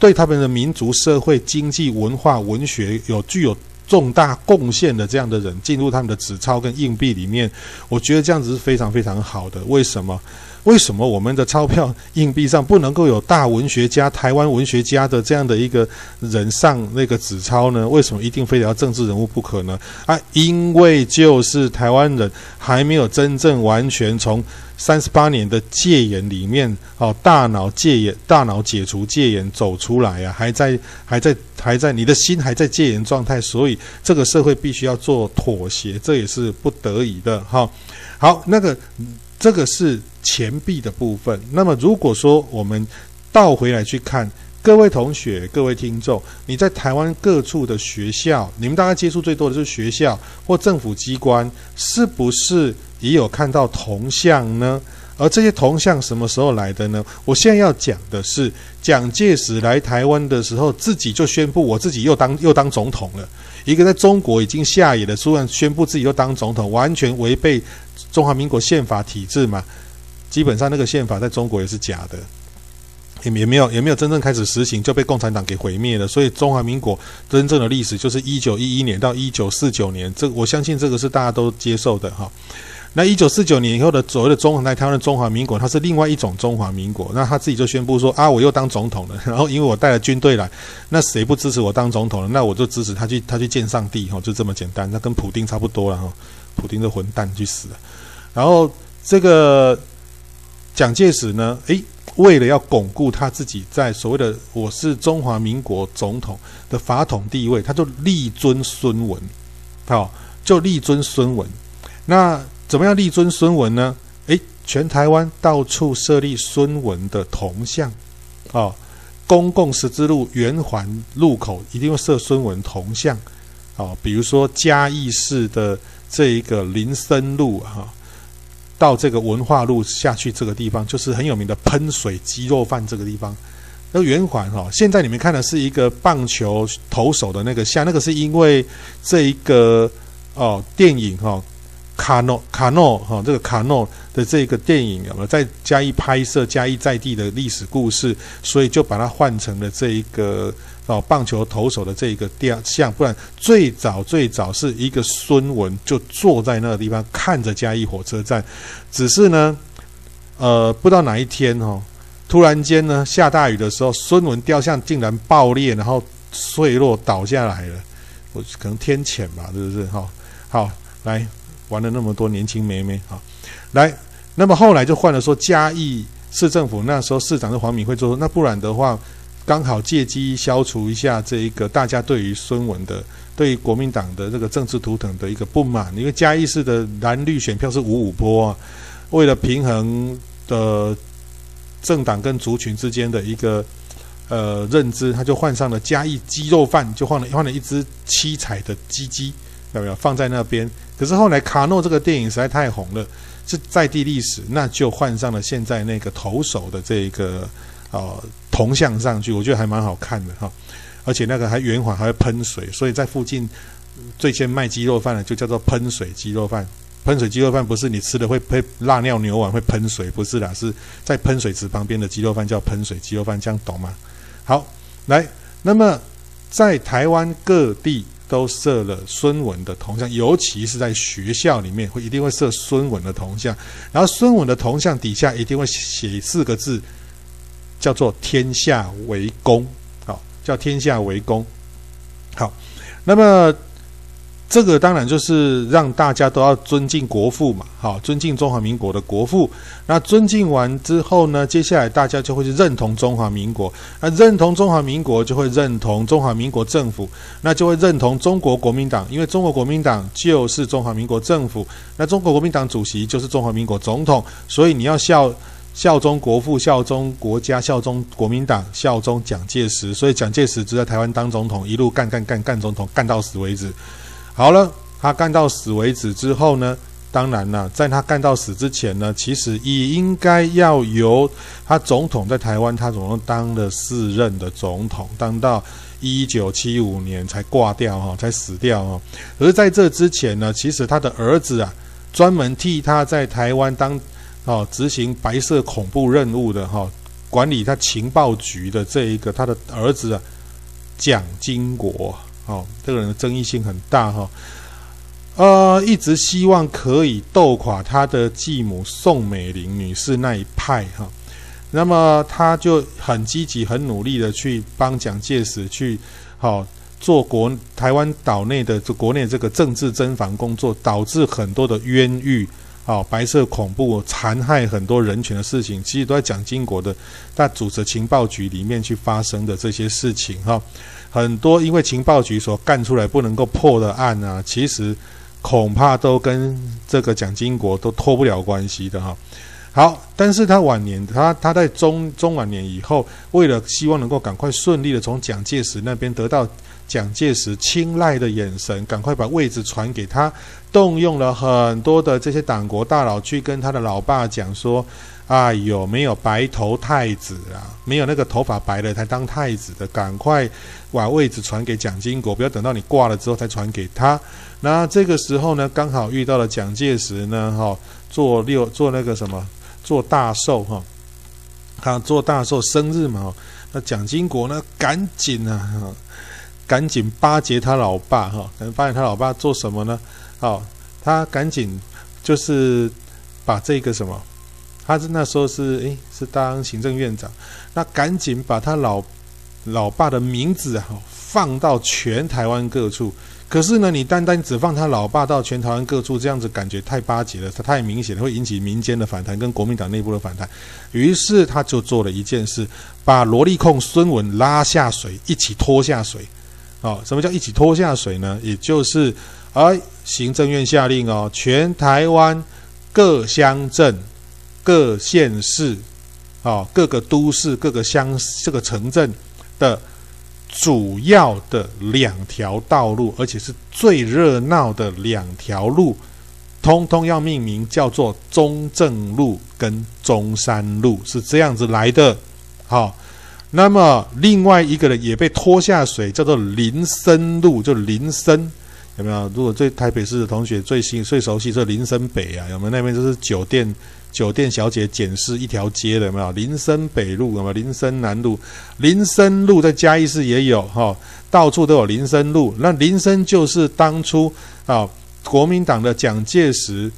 對他們的民族、社會、經濟、文化、文學有具有重大貢獻的這樣的人進入他們的紙鈔跟硬幣裡面，我覺得這樣子是非常非常好的。為什麼？為什麼我們的鈔票、硬幣上不能夠有大文學家、台灣文學家的這樣的一個人上那個紙鈔呢？為什麼一定非得要政治人物不可呢？啊，因為就是台灣人還沒有真正完全從。三十八年的戒嚴裡面，好大腦戒嚴，大腦解除戒嚴走出來啊，還在，還在，還在，你的心還在戒嚴狀態，所以這個社會必須要做妥協，這也是不得已的哈。好，那個這個是錢幣的部分。那麼如果說我們倒回來去看，各位同學、各位聽眾，你在台灣各處的學校，你們大家接觸最多的是學校或政府機關，是不是？也有看到銅像呢，而這些銅像什麼時候來的呢？我現在要講的是，蔣介石來台灣的時候，自己就宣布我自己又當又當總統了。一個在中國已經下野的，突然宣布自己又當總統，完全違背中華民國憲法體制嘛。基本上那個憲法在中國也是假的，也也沒有也沒有真正開始實行，就被共產黨給毀滅了。所以中華民國真正的歷史就是一九一一年到一九四九年，這我相信這個是大家都接受的哈。那一九四九年以後的所謂的中華，台灣的中華民國，他是另外一種中華民國。那他自己就宣布說：“啊，我又當總統了。”然後因為我帶了軍隊來，那誰不支持我當總統了？那我就支持他去，他去見上帝，吼，就這麼簡單。那跟普丁差不多了，哈，普丁這混蛋，去死了。然後這個蔣介石呢，誒、欸，為了要鞏固他自己在所謂的我是中華民國總統的法統地位，他就立尊孫文，好，就立尊孫文，那。怎麼樣立尊孫文呢？誒，全台灣到處設立孫文的銅像，啊、哦，公共十字路、圓環路口一定要設孫文銅像，啊、哦，比如說嘉義市的這一個林森路哈、哦，到這個文化路下去這個地方，就是很有名的噴水雞肉飯這個地方。那個、圓環哈、哦，現在你們看的是一個棒球投手的那個像，那個是因為這一個哦電影哈。哦卡諾卡諾哈，Kano, Kano, 這個卡諾的這個電影有沒有在嘉義拍攝，嘉義在地的歷史故事？所以就把它換成了這一個哦，棒球投手的這一個雕像。不然最早最早是一個孫文就坐在那個地方看着嘉義火車站。只是呢，呃，不知道哪一天哦，突然間呢下大雨的時候，孫文雕像竟然爆裂，然後碎落倒下來了。我可能天譴吧，是不是哈、哦？好來。玩了那麼多年輕妹妹啊，來，那麼後來就換了說嘉義市政府那時候市長是黃敏惠就說那不然的話，剛好借機消除一下這一個大家對於孫文的、對於國民黨的這個政治圖騰的一個不滿啊，因為嘉義市的藍綠選票是五五波啊，為了平衡的政黨跟族群之間的一個呃認知，他就換上了嘉義雞肉飯，就換了換了一只七彩的雞雞，有沒有放在那邊？可是後來卡諾這個電影實在太紅了，是在地歷史，那就換上了現在那個投手的這一個呃銅像上去，我覺得還蠻好看的哈，而且那個還圓環，還會噴水，所以在附近最先賣雞肉飯的就叫做噴水雞肉飯。噴水雞肉飯不是你吃的會噴辣尿牛丸會噴水，不是啦，是在噴水池旁邊的雞肉飯叫噴水雞肉飯，這樣懂嗎？好，來，那麼在台灣各地。都設了孫文的銅像，尤其是在學校裡面，會一定會設孫文的銅像。然後孫文的銅像底下一定會寫四個字，叫做“天下為公”。好，叫“天下為公”。好，那麼。這個當然就是讓大家都要尊敬國父嘛，好，尊敬中華民國的國父。那尊敬完之後呢，接下來大家就會去認同中華民國，那認同中華民國就會認同中華民國政府，那就會認同中國國民黨，因為中國國民黨就是中華民國政府，那中國國民黨主席就是中華民國總統，所以你要效效忠國父，效忠國家，效忠國民黨，效忠蔣介石。所以蔣介石只在台灣當總統，一路幹幹幹幹總統，幹到死為止。好了，他幹到死為止之後呢，當然啦、啊，在他幹到死之前呢，其實也應該要由他總統在台灣，他總共當了四任的總統，當到一九七五年才掛掉哈，才死掉哈。而在這之前呢，其實他的兒子啊，專門替他在台灣當哦執行白色恐怖任務的哈、哦，管理他情報局的這一個他的兒子啊，蔣經國。哦，這個人的爭議性很大哈、哦，呃，一直希望可以鬥垮他的繼母宋美齡女士那一派哈、哦，那麼他就很積極、很努力的去幫蔣介石去，好、哦、做國台灣島內的這國內這個政治偵防工作，導致很多的冤獄。啊，白色恐怖殘害很多人權的事情，其實都在蔣經國的那組織情報局裡面去發生的這些事情哈，很多因為情報局所幹出來不能夠破的案啊，其實恐怕都跟這個蔣經國都脫不了關係的哈。好，但是他晚年，他他在中中晚年以後，為了希望能夠趕快順利的從蔣介石那邊得到蔣介石青睞的眼神，趕快把位置傳給他，動用了很多的這些黨國大佬去跟他的老爸講說，哎呦，有沒有白頭太子啊？沒有那個頭髮白了才當太子的，趕快把位置傳給蔣經國，不要等到你掛了之後才傳給他。那這個時候呢，剛好遇到了蔣介石呢，哈，做六，做那個什麼。做大壽哈，他、啊、做大壽生日嘛，那蔣經國呢？趕緊呢，趕緊啊，趕緊巴結他老爸哈，趕緊啊，趕緊巴結他老爸做什麼呢？哦、啊，他趕緊就是把這個什麼，他是那時候是哎、欸、是當行政院長，那趕緊把他老老爸的名字啊放到全台灣各處。可是呢，你單單只放他老爸到全台灣各處這樣子，感覺太巴結了，他太明顯了，會引起民間的反彈跟國民黨內部的反彈。於是他就做了一件事，把蘿莉控孫文拉下水，一起拖下水。啊、哦，什麼叫一起拖下水呢？也就是，而、啊、行政院下令哦，全台灣各鄉鎮、各縣市、啊、哦、各個都市、各個鄉這個城鎮的。主要的兩條道路，而且是最熱鬧的兩條路，通通要命名叫做中正路跟中山路，是這樣子來的。好，那麼另外一個人也被拖下水，叫做林森路，就林森，有沒有？如果對台北市的同學最新最熟悉，是林森北啊，有沒有？那邊就是酒店。酒店小姐檢視一條街的，有沒有？林森北路，那林森南路、林森路在嘉義市也有哈、哦，到處都有林森路。那林森就是當初啊、哦，國民黨的蔣介石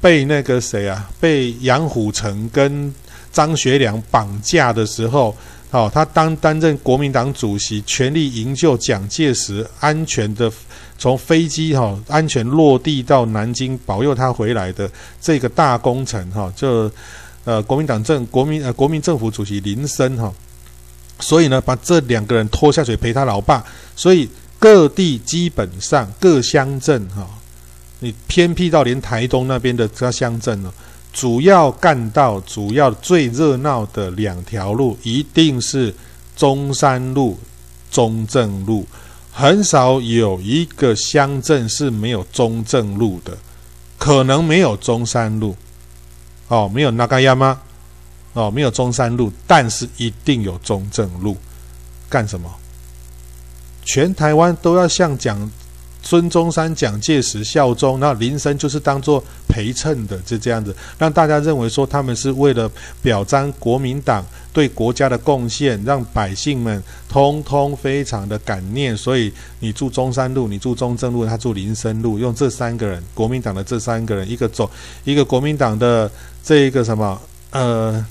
被那個誰啊，被楊虎城跟張學良綁架的時候，哦，他當擔任國民黨主席，全力營救蔣介石安全的。從飛機哈、哦、安全落地到南京，保佑他回來的這個大工程哈、哦，就呃國民黨政國民呃國民政府主席林森哈、哦，所以呢，把這兩個人拖下水陪他老爸，所以各地基本上各鄉鎮哈、哦，你偏僻到連台東那邊的各鄉鎮呢、哦，主要幹道，主要最熱鬧的兩條路一定是中山路、中正路。很少有一個鄉鎮是沒有中正路的，可能沒有中山路，哦，沒有那嘎呀嗎，哦，沒有中山路，但是一定有中正路。幹什麼？全台灣都要像蔣。孫中山、蔣介石效忠，那林森就是當做陪襯的，就這樣子，讓大家認為說他們是為了表彰國民黨對國家的貢獻，讓百姓們通通非常的感念。所以你住中山路，你住中正路，他住林森路，用這三個人，國民黨的這三個人，一個總，一個國民黨的這一個什麼，呃，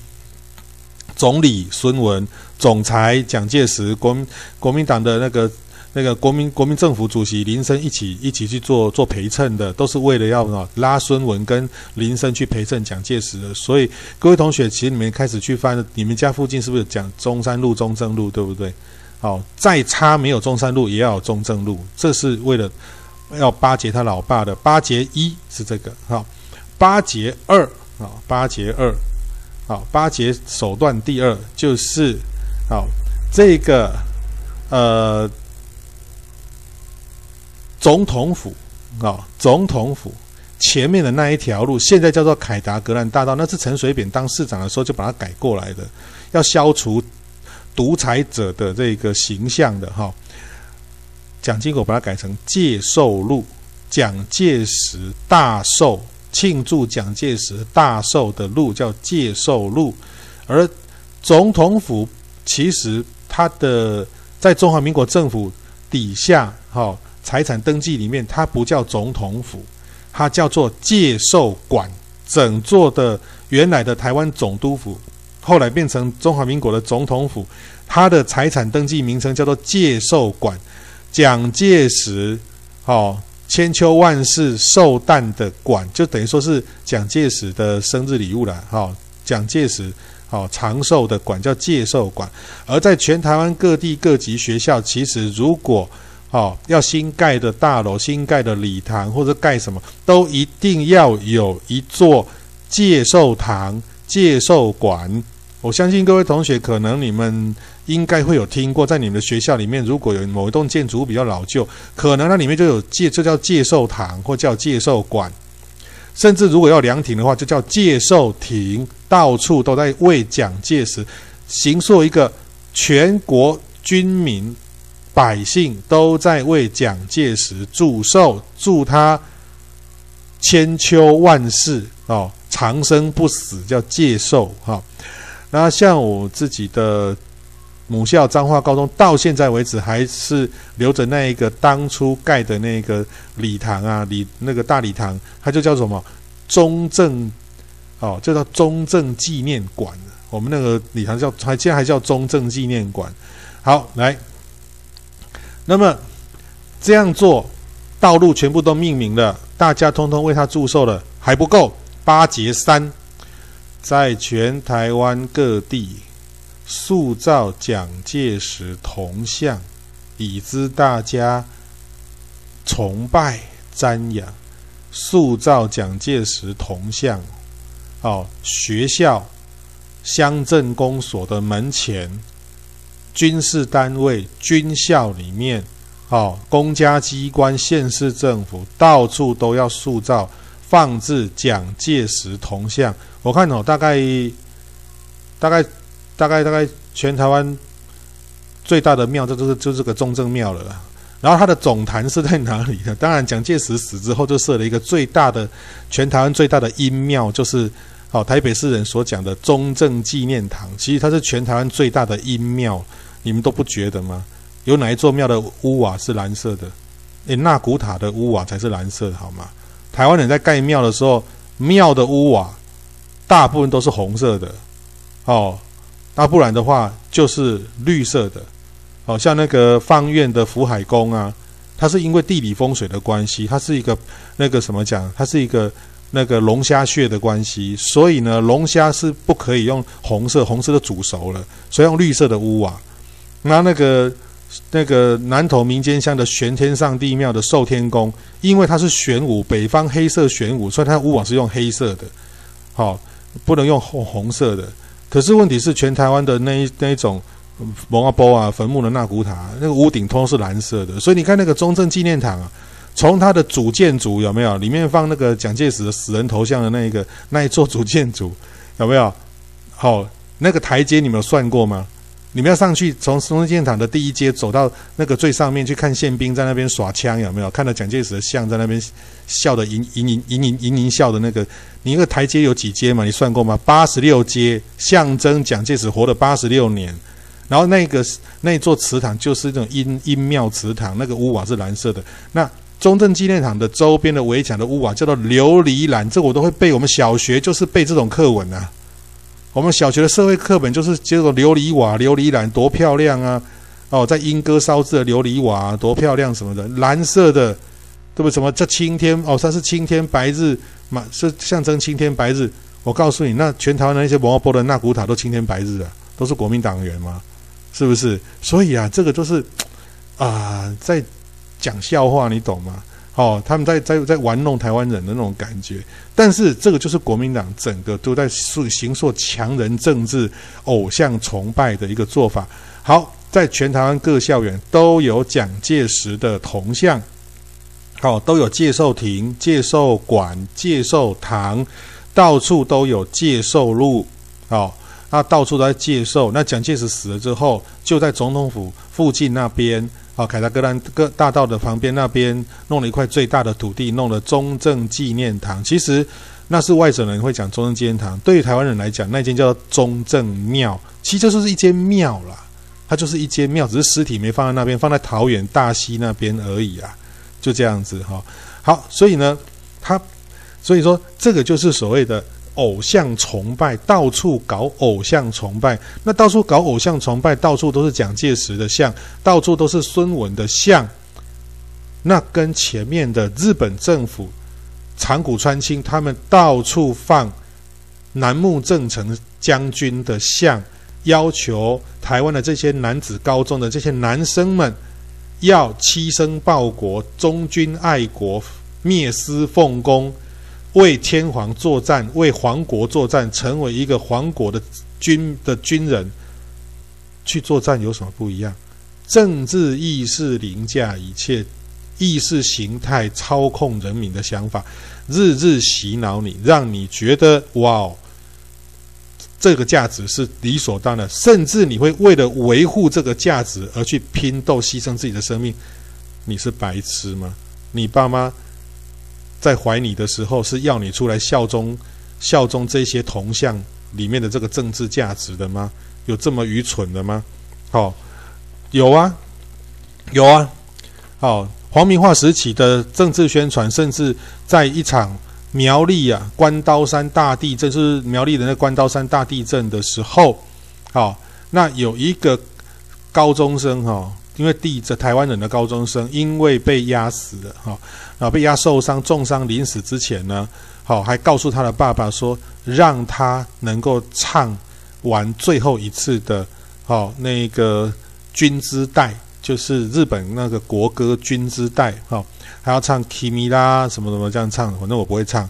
總理孫文，總裁蔣介石，國國民黨的那個。那個國民國民政府主席林森一起一起去做做陪襯的，都是為了要啊拉孫文跟林森去陪襯蔣介石的。所以各位同學，其實你們開始去翻，你們家附近是不是講中山路、中正路，對不對？好、哦，再差沒有中山路，也要有中正路，這是為了要巴結他老爸的。巴結一是這個，好，巴結二啊，巴結二，好、哦哦，巴結手段第二就是好、哦、這個呃。總統府，啊、哦，總統府前面的那一條路，現在叫做凱達格蘭大道。那是陳水扁當市長的時候就把它改過來的，要消除獨裁者的這個形象的，哈、哦。蔣經國把它改成介壽路，蔣介石大壽，慶祝蔣介石大壽的路叫介壽路。而總統府其實它的在中華民國政府底下，哈、哦。財產登記裡面，它不叫總統府，它叫做介壽館。整座的原來的台灣總督府，後來變成中華民國的總統府，它的財產登記名稱叫做介壽館。蔣介石，好、哦，千秋萬世壽誕的館，就等於說是蔣介石的生日禮物了。好、哦，蔣介石，好、哦，長壽的館叫介壽館。而在全台灣各地各級學校，其實如果好、哦，要新蓋的大樓、新蓋的禮堂，或者蓋什麼，都一定要有一座介壽堂、介壽館。我相信各位同學，可能你們應該會有聽過，在你們的學校裡面，如果有某一棟建築物比較老舊，可能那裡面就有介，這叫介壽堂或叫介壽館，甚至如果要涼亭的話，就叫介壽亭，到處都在為蔣介石形塑一個全國軍民。百姓都在為蔣介石祝壽，祝他千秋萬世哦，長生不死，叫介壽哈、哦。那像我自己的母校彰化高中，到現在為止還是留着那一個當初蓋的那個禮堂啊，禮那個大禮堂，它就叫什麼中正哦，就叫中正紀念館。我們那個禮堂叫還現在還叫中正紀念館。好，來。那麼這樣做，道路全部都命名了，大家通通為他祝壽了，還不夠。八節山在全台灣各地塑造蔣介石銅像，以資大家崇拜瞻仰。塑造蔣介石銅像，哦，學校、鄉鎮公所的門前。軍事單位、軍校裡面，好、哦，公家機關、縣市政府到處都要塑造、放置蔣介石銅像。我看哦，大概、大概、大概、大概，全台灣最大的廟，這就是就是這個中正廟了。然後它的總壇是在哪裡呢？當然，蔣介石死之後，就設了一個最大的、全台灣最大的陰廟，就是。好，台北市人所講的中正紀念堂，其實它是全台灣最大的陰廟，你們都不覺得嗎？有哪一座廟的屋瓦是藍色的？誒，納骨塔的屋瓦才是藍色，好嗎？台灣人在蓋廟的時候，廟的屋瓦大部分都是紅色的，哦，那不然的話就是綠色的，好、哦、像那個方院的福海宮啊，它是因為地理風水的關係，它是一個那個什麼講，它是一個。那個龍蝦穴的關係，所以呢，龍蝦是不可以用紅色，紅色的煮熟了，所以用綠色的屋瓦。那那個那個南投民間鄉的玄天上帝廟的壽天宮，因為它是玄武，北方黑色玄武，所以它屋瓦是用黑色的，好、哦，不能用紅紅色的。可是問題是，全台灣的那那一種蒙阿波啊，墳墓的納骨塔，那個屋頂通常是藍色的，所以你看那個中正紀念堂、啊。從它的主建築有沒有裡面放那個蔣介石的死人頭像的那一個，那一座主建築有沒有？好、哦，那個台階你們有算過嗎？你們要上去，從淞滬戰場的第一階走到那個最上面去看憲兵在那邊耍槍有沒有？看到蔣介石的像在那邊笑的盈盈盈盈盈盈盈笑的那個，你那個台階有幾階嘛？你算過嗎？八十六階，象徵蔣介石活了八十六年。然後那個那一座祠堂就是那種陰陰廟祠堂，那個屋瓦是藍色的。那中正紀念堂的周邊的圍牆的屋瓦、啊、叫做琉璃藍，這我都會背。我們小學就是背這種課文啊。我們小學的社會課本就是叫做琉璃瓦、琉璃藍多漂亮啊！哦，在鶯歌燒制的琉璃瓦、啊、多漂亮什麼的，藍色的，對不對？什麼這青天哦，它是青天白日嘛，是象徵青天白日。我告訴你，那全台灣的那些王寶波的那古塔都青天白日啊，都是國民黨員嘛，是不是？所以啊，這個就是啊、呃，在。講笑話，你懂嗎？哦，他們在在在玩弄台灣人的那種感覺，但是這個就是國民黨整個都在形、形塑強人政治、偶像崇拜的一個做法。好，在全台灣各校園都有蔣介石的銅像，好、哦，都有介壽亭、介壽館、介壽堂，到處都有介壽路，好、哦。他到處都在介紹。那蔣介石死了之後，就在總統府附近那邊，啊，凱達格蘭大道的旁邊那邊弄了一塊最大的土地，弄了中正紀念堂。其實那是外省人會講中正紀念堂，對於台灣人來講，那間叫中正廟。其實就是一間廟啦，它就是一間廟，只是屍體沒放在那邊，放在桃園大溪那邊而已啊，就這樣子哈。好，所以呢，他，所以說這個就是所謂的。偶像崇拜，到處搞偶像崇拜，那到處搞偶像崇拜，到處都是蔣介石的像，到處都是孫文的像。那跟前面的日本政府長谷川清他們到處放楠木正成將軍的像，要求台灣的這些男子高中的這些男生們要七生報國、忠君愛國、滅私奉公。為天皇作戰，為皇國作戰，成為一個皇國的軍的軍人去作戰有什麼不一樣？政治意識凌駕一切，意識形態操控人民的想法，日日洗腦你，讓你覺得哇哦，這個價值是理所當然的，甚至你會為了維護這個價值而去拼鬥，犧牲自己的生命，你是白痴嗎？你爸媽？在懷你的時候，是要你出來效忠、效忠這些銅像裡面的這個政治價值的嗎？有這麼愚蠢的嗎？好、哦，有啊，有啊。好、哦，皇民化時期的政治宣傳，甚至在一場苗栗啊關刀山大地震，是苗栗人的那關刀山大地震的時候，好、哦，那有一個高中生哈、哦。因為第一次，這台灣人的高中生，因為被壓死了哈，然後被壓受傷，重傷臨死之前呢，好還告訴他的爸爸說，讓他能夠唱完最後一次的，好那個君之代，就是日本那個國歌君之代哈，還要唱《Kimi 啦》什麼什麼這樣唱，反正我不會唱，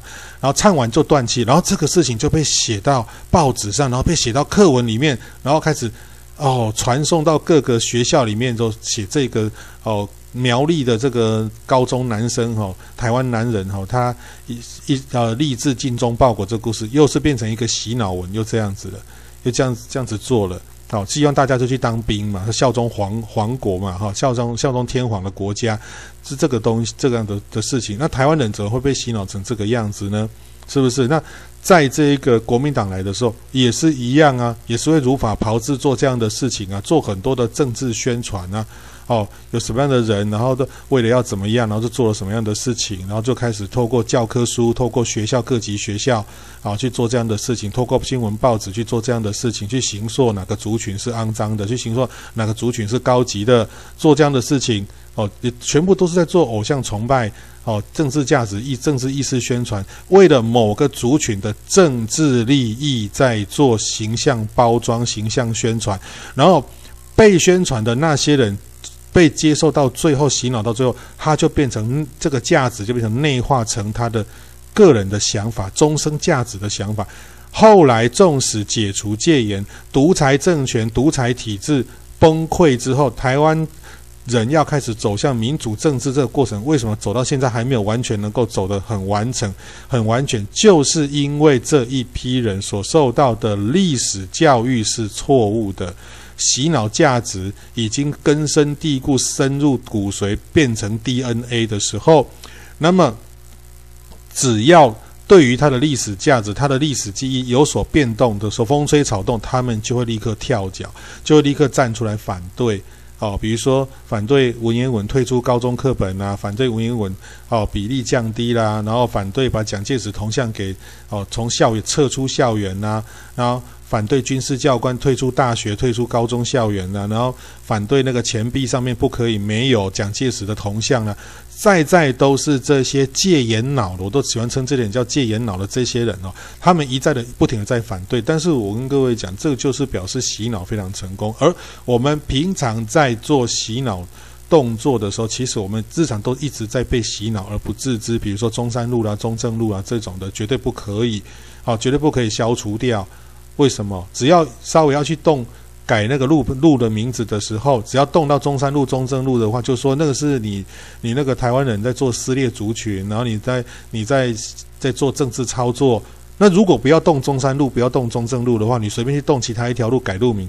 然後唱完就斷氣，然後這個事情就被寫到報紙上，然後被寫到課文裡面，然後開始。哦，傳送到各個學校裡面就寫這個哦，苗栗的這個高中男生哦，台灣男人哦，他一一呃立志精忠報國這故事，又是變成一個洗腦文，又這樣子了，又這樣子這樣子做了，好、哦，希望大家就去當兵嘛，效忠皇皇國嘛，哈、哦，效忠效忠天皇的國家是這個東西，這個樣子的，的事情。那台灣人怎麼會被洗腦成這個樣子呢？是不是？那。在這一個國民黨來的時候，也是一樣啊，也是會如法炮製做這樣的事情啊，做很多的政治宣傳啊。哦，有什麼樣的人，然後都為了要怎麼樣，然後就做了什麼樣的事情，然後就開始透過教科書、透過學校各級學校啊去做這樣的事情，透過新聞報紙去做這樣的事情，去形塑哪個族群是骯髒的，去形塑哪個族群是高級的，做這樣的事情哦，也全部都是在做偶像崇拜，哦，政治價值意政治意識宣傳，為了某個族群的政治利益在做形象包裝、形象宣傳，然後被宣傳的那些人。被接受到最後，洗腦到最後，他就變成這個價值，就變成內化成他的個人的想法，終生價值的想法。後來，縱使解除戒嚴，獨裁政權、獨裁體制崩潰之後，台灣人要開始走向民主政治這個過程，為什麼走到現在還沒有完全能夠走得很完整、很完全？就是因為這一批人所受到的歷史教育是錯誤的。洗腦價值已經根深蒂固、深入骨髓，變成 DNA 的時候，那麼只要對於它的歷史價值、它的歷史記憶有所變動的時候，風吹草動，他們就會立刻跳腳，就會立刻站出來反對。哦，比如說反對文言文退出高中課本啊，反對文言文哦比例降低啦、啊，然後反對把蔣介石銅像給哦、啊、從校園撤出校園吶，然後。反對軍事教官退出大學、退出高中校園啊。然後反對那個錢幣上面不可以沒有蔣介石的銅像啊。再再都是這些戒嚴腦的，我都喜歡稱這點叫戒嚴腦的這些人哦，他們一再的不停的在反對，但是我跟各位講，這個就是表示洗腦非常成功。而我們平常在做洗腦動作的時候，其實我們日常都一直在被洗腦而不自知，比如說中山路啦、啊、中正路啊這種的，絕對不可以，好、啊，絕對不可以消除掉。為什麼只要稍微要去動改那個路路的名字的時候，只要動到中山路、中正路的話，就說那個是你你那個台灣人在做撕裂族群，然後你在你在在做政治操作。那如果不要動中山路，不要動中正路的話，你隨便去動其他一條路改路名，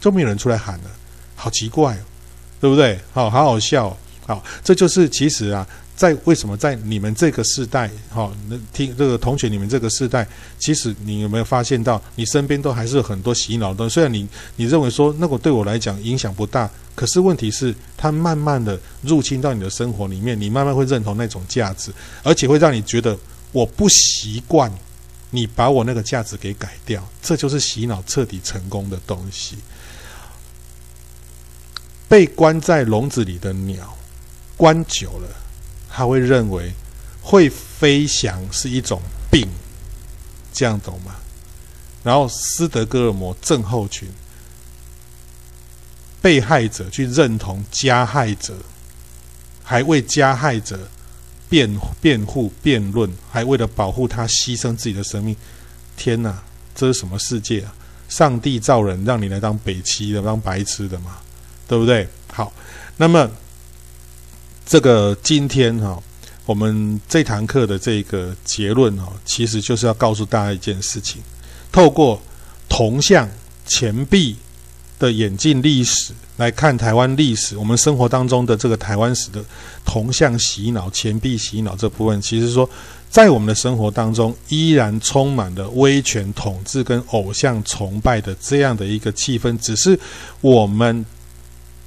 就沒有人出來喊了，好奇怪哦，對不對？好哦，好好笑哦，好哦，這就是其實啊。在為什麼在你們這個時代，哈，那聽這個同學，你們這個時代，其實你有沒有發現到，你身邊都還是很多洗腦的。雖然你你認為說那個對我來講影響不大，可是問題是它慢慢的入侵到你的生活裡面，你慢慢會認同那種價值，而且會讓你覺得我不習慣，你把我那個價值給改掉，這就是洗腦徹底成功的東西。被關在籠子裡的鳥，關久了。他會認為會飛翔是一種病，這樣懂嗎？然後斯德哥爾摩症候群，被害者去認同加害者，還為加害者辯辯護、辯論，還為了保護他犧牲自己的生命。天哪，這是什麼世界啊？上帝造人，讓你來當北齊的，當白痴的嘛，對不對？好，那麼。這個今天哈，我們這堂課的這個結論哈，其實就是要告訴大家一件事情：透過銅像錢幣的演進歷史來看台灣歷史，我們生活當中的這個台灣史的銅像洗腦、錢幣洗腦這部分，其實說在我們的生活當中依然充滿了威權統治跟偶像崇拜的這樣的一個氣氛，只是我們。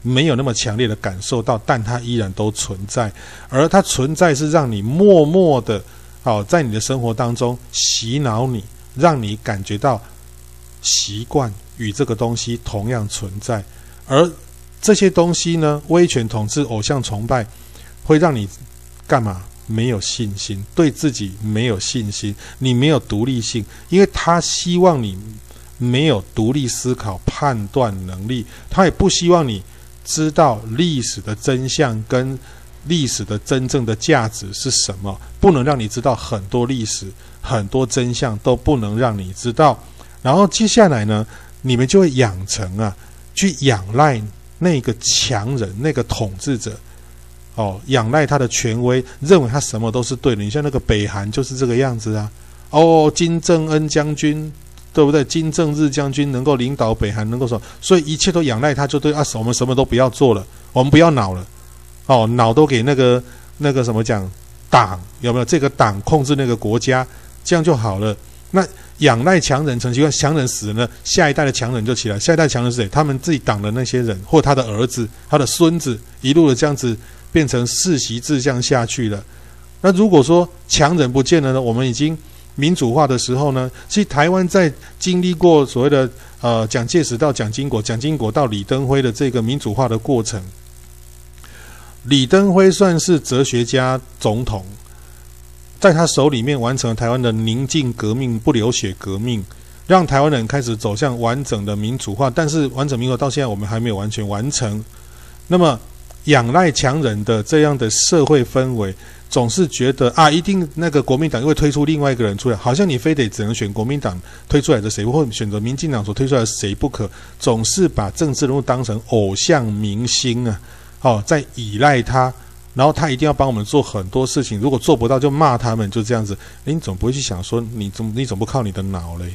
沒有那麼強烈的感受到，但它依然都存在，而它存在是讓你默默的，好、哦、在你的生活當中洗腦你，讓你感覺到習慣與這個東西同樣存在，而這些東西呢，威權統治、偶像崇拜，會讓你幹嘛？沒有信心，對自己沒有信心，你沒有獨立性，因為他希望你沒有獨立思考、判斷能力，他也不希望你。知道歷史的真相跟歷史的真正的價值是什麼。不能讓你知道很多歷史、很多真相都不能讓你知道。然後接下來呢，你們就會養成啊，去仰賴那個強人、那個統治者，哦，仰賴他的權威，認為他什麼都是對的。你像那個北韓就是這個樣子啊，哦，金正恩將軍。對不對？金正日將軍能夠領導北韓，能夠說，所以一切都仰賴他，就對啊。我們什麼都不要做了，我們不要腦了，哦，腦都給那個那個什麼講黨有沒有？這個黨控制那個國家，這樣就好了。那仰賴強人成習慣，強人死了，下一代的強人就起來。下一代強人是誰？他們自己黨的那些人，或他的兒子、他的孫子，一路的這樣子變成世襲制這樣下去了。那如果說強人不見了呢？我們已經。民主化的時候呢，其實台灣在經歷過所謂的呃蔣介石到蔣經國，蔣經國到李登輝的這個民主化的過程。李登輝算是哲學家總統，在他手裡面完成了台灣的寧靜革命、不流血革命，讓台灣人開始走向完整的民主化。但是，完整民主到現在我們還沒有完全完成。那麼，仰賴強人的這樣的社會氛圍。總是覺得啊，一定那個國民黨又會推出另外一個人出來，好像你非得只能選國民黨推出來的誰，或選擇民進黨所推出來的誰不可。總是把政治人物當成偶像明星啊，好、哦、在依賴他，然後他一定要幫我們做很多事情，如果做不到就罵他們，就這樣子。你總不會去想說，你總你總不靠你的腦嘞，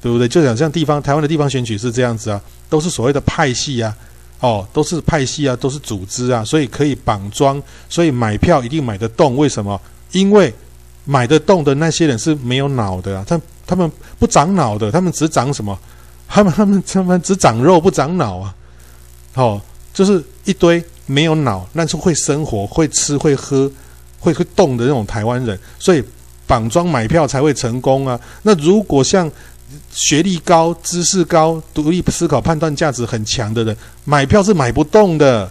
對不對？就想像地方台灣的地方選舉是這樣子啊，都是所謂的派系呀、啊。哦，都是派系啊，都是組織啊，所以可以綁樁，所以買票一定買得動。為什麼？因為買得動的那些人是沒有腦的啊，他他們不長腦的，他們只長什麼？他們他們他們只長肉不長腦啊。哦，就是一堆沒有腦，但是會生活、會吃、會喝、會會動的那種台灣人，所以綁樁買票才會成功啊。那如果像……學歷高、知識高、獨立思考、判斷價值很強的人，買票，是買不動的。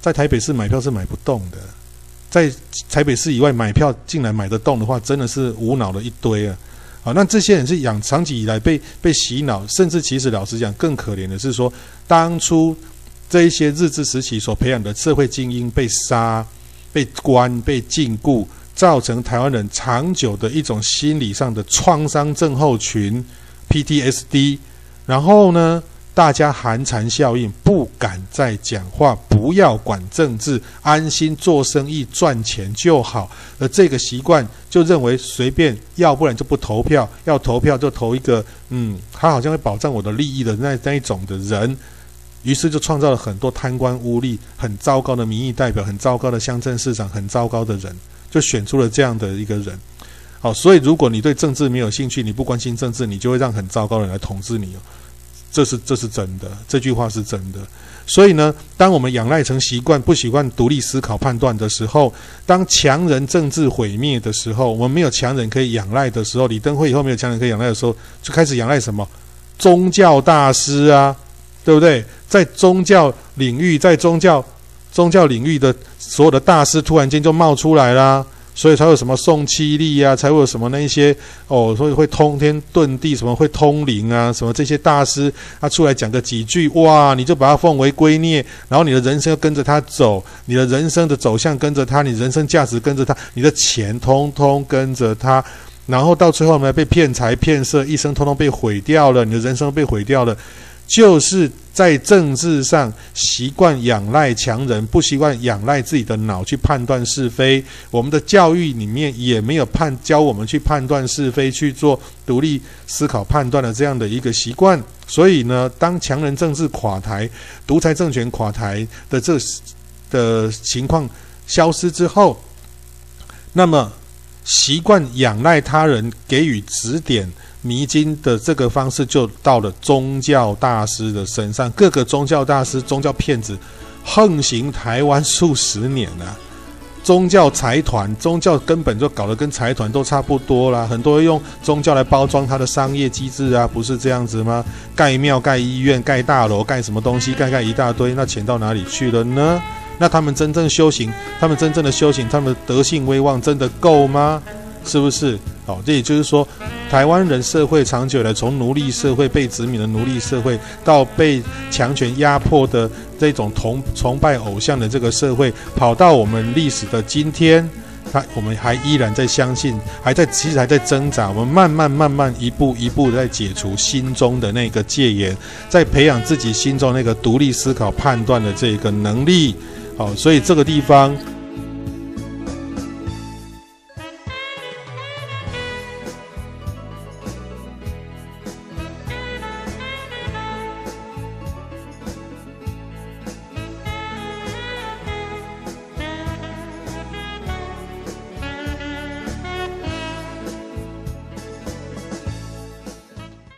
在台北市買票是買不動的，在台北市以外買票進來買得動的話，真的是無腦的一堆啊！好、啊，那這些人是養長期以來被被洗腦，甚至其實老實講，更可憐的是說，當初這一些日治時期所培養的社會精英被殺、被關、被禁錮，造成台灣人長久的一種心理上的創傷症候群。PTSD，然後呢，大家寒蟬效應，不敢再講話，不要管政治，安心做生意賺錢就好。而這個習慣就認為隨便，要不然就不投票，要投票就投一個，嗯，他好像會保障我的利益的那那一種的人。於是就創造了很多貪官污吏、很糟糕的民意代表、很糟糕的鄉鎮市長、很糟糕的人，就選出了這樣的一個人。好，所以如果你對政治沒有興趣，你不關心政治，你就會讓很糟糕的人來統治你哦。這是這是真的，這句話是真的。所以呢，當我們仰賴成習慣，不習慣獨立思考判斷的時候，當強人政治毀滅的時候，我們沒有強人可以仰賴的時候，李登輝以後沒有強人可以仰賴的時候，就開始仰賴什麼宗教大師啊，對不對？在宗教領域，在宗教宗教領域的所有的大師，突然間就冒出來啦。所以才會有什麼宋七力啊，才會有什麼那些哦，所以會通天遁地，什麼會通靈啊，什麼這些大師，他出來講個幾句，哇，你就把他奉為圭臬，然後你的人生又跟着他走，你的人生的走向跟着他，你人生價值跟着他，你的錢通通跟着他，然後到最後呢，被騙財騙色，一生通通被毀掉了，你的人生被毀掉了。就是在政治上習慣仰賴強人，不習慣仰賴自己的腦去判斷是非。我們的教育裡面也沒有判教我們去判斷是非、去做獨立思考判斷的這樣的一個習慣。所以呢，當強人政治垮臺、獨裁政權垮臺的這的情況消失之後，那麽習慣仰賴他人給予指點。迷津的這個方式，就到了宗教大師的身上。各個宗教大師、宗教騙子橫行台灣數十年啊。宗教財團、宗教根本就搞得跟財團都差不多啦。很多用宗教來包裝他的商業機制啊，不是這樣子嗎？蓋廟、蓋醫院、蓋大樓、蓋什麼東西，蓋蓋一大堆。那錢到哪裡去了呢？那他們真正修行，他們真正的修行，他們的德性威望真的夠嗎？是不是哦？這也就是說，台灣人社會長久以來從奴隸社會被殖民的奴隸社會，到被強權壓迫的這種崇崇拜偶像的這個社會，跑到我們歷史的今天，他我們還依然在相信，還在其實還在掙扎。我們慢慢慢慢一步一步在解除心中的那個戒嚴，在培養自己心中那個獨立思考判斷的這個能力。好、哦，所以這個地方。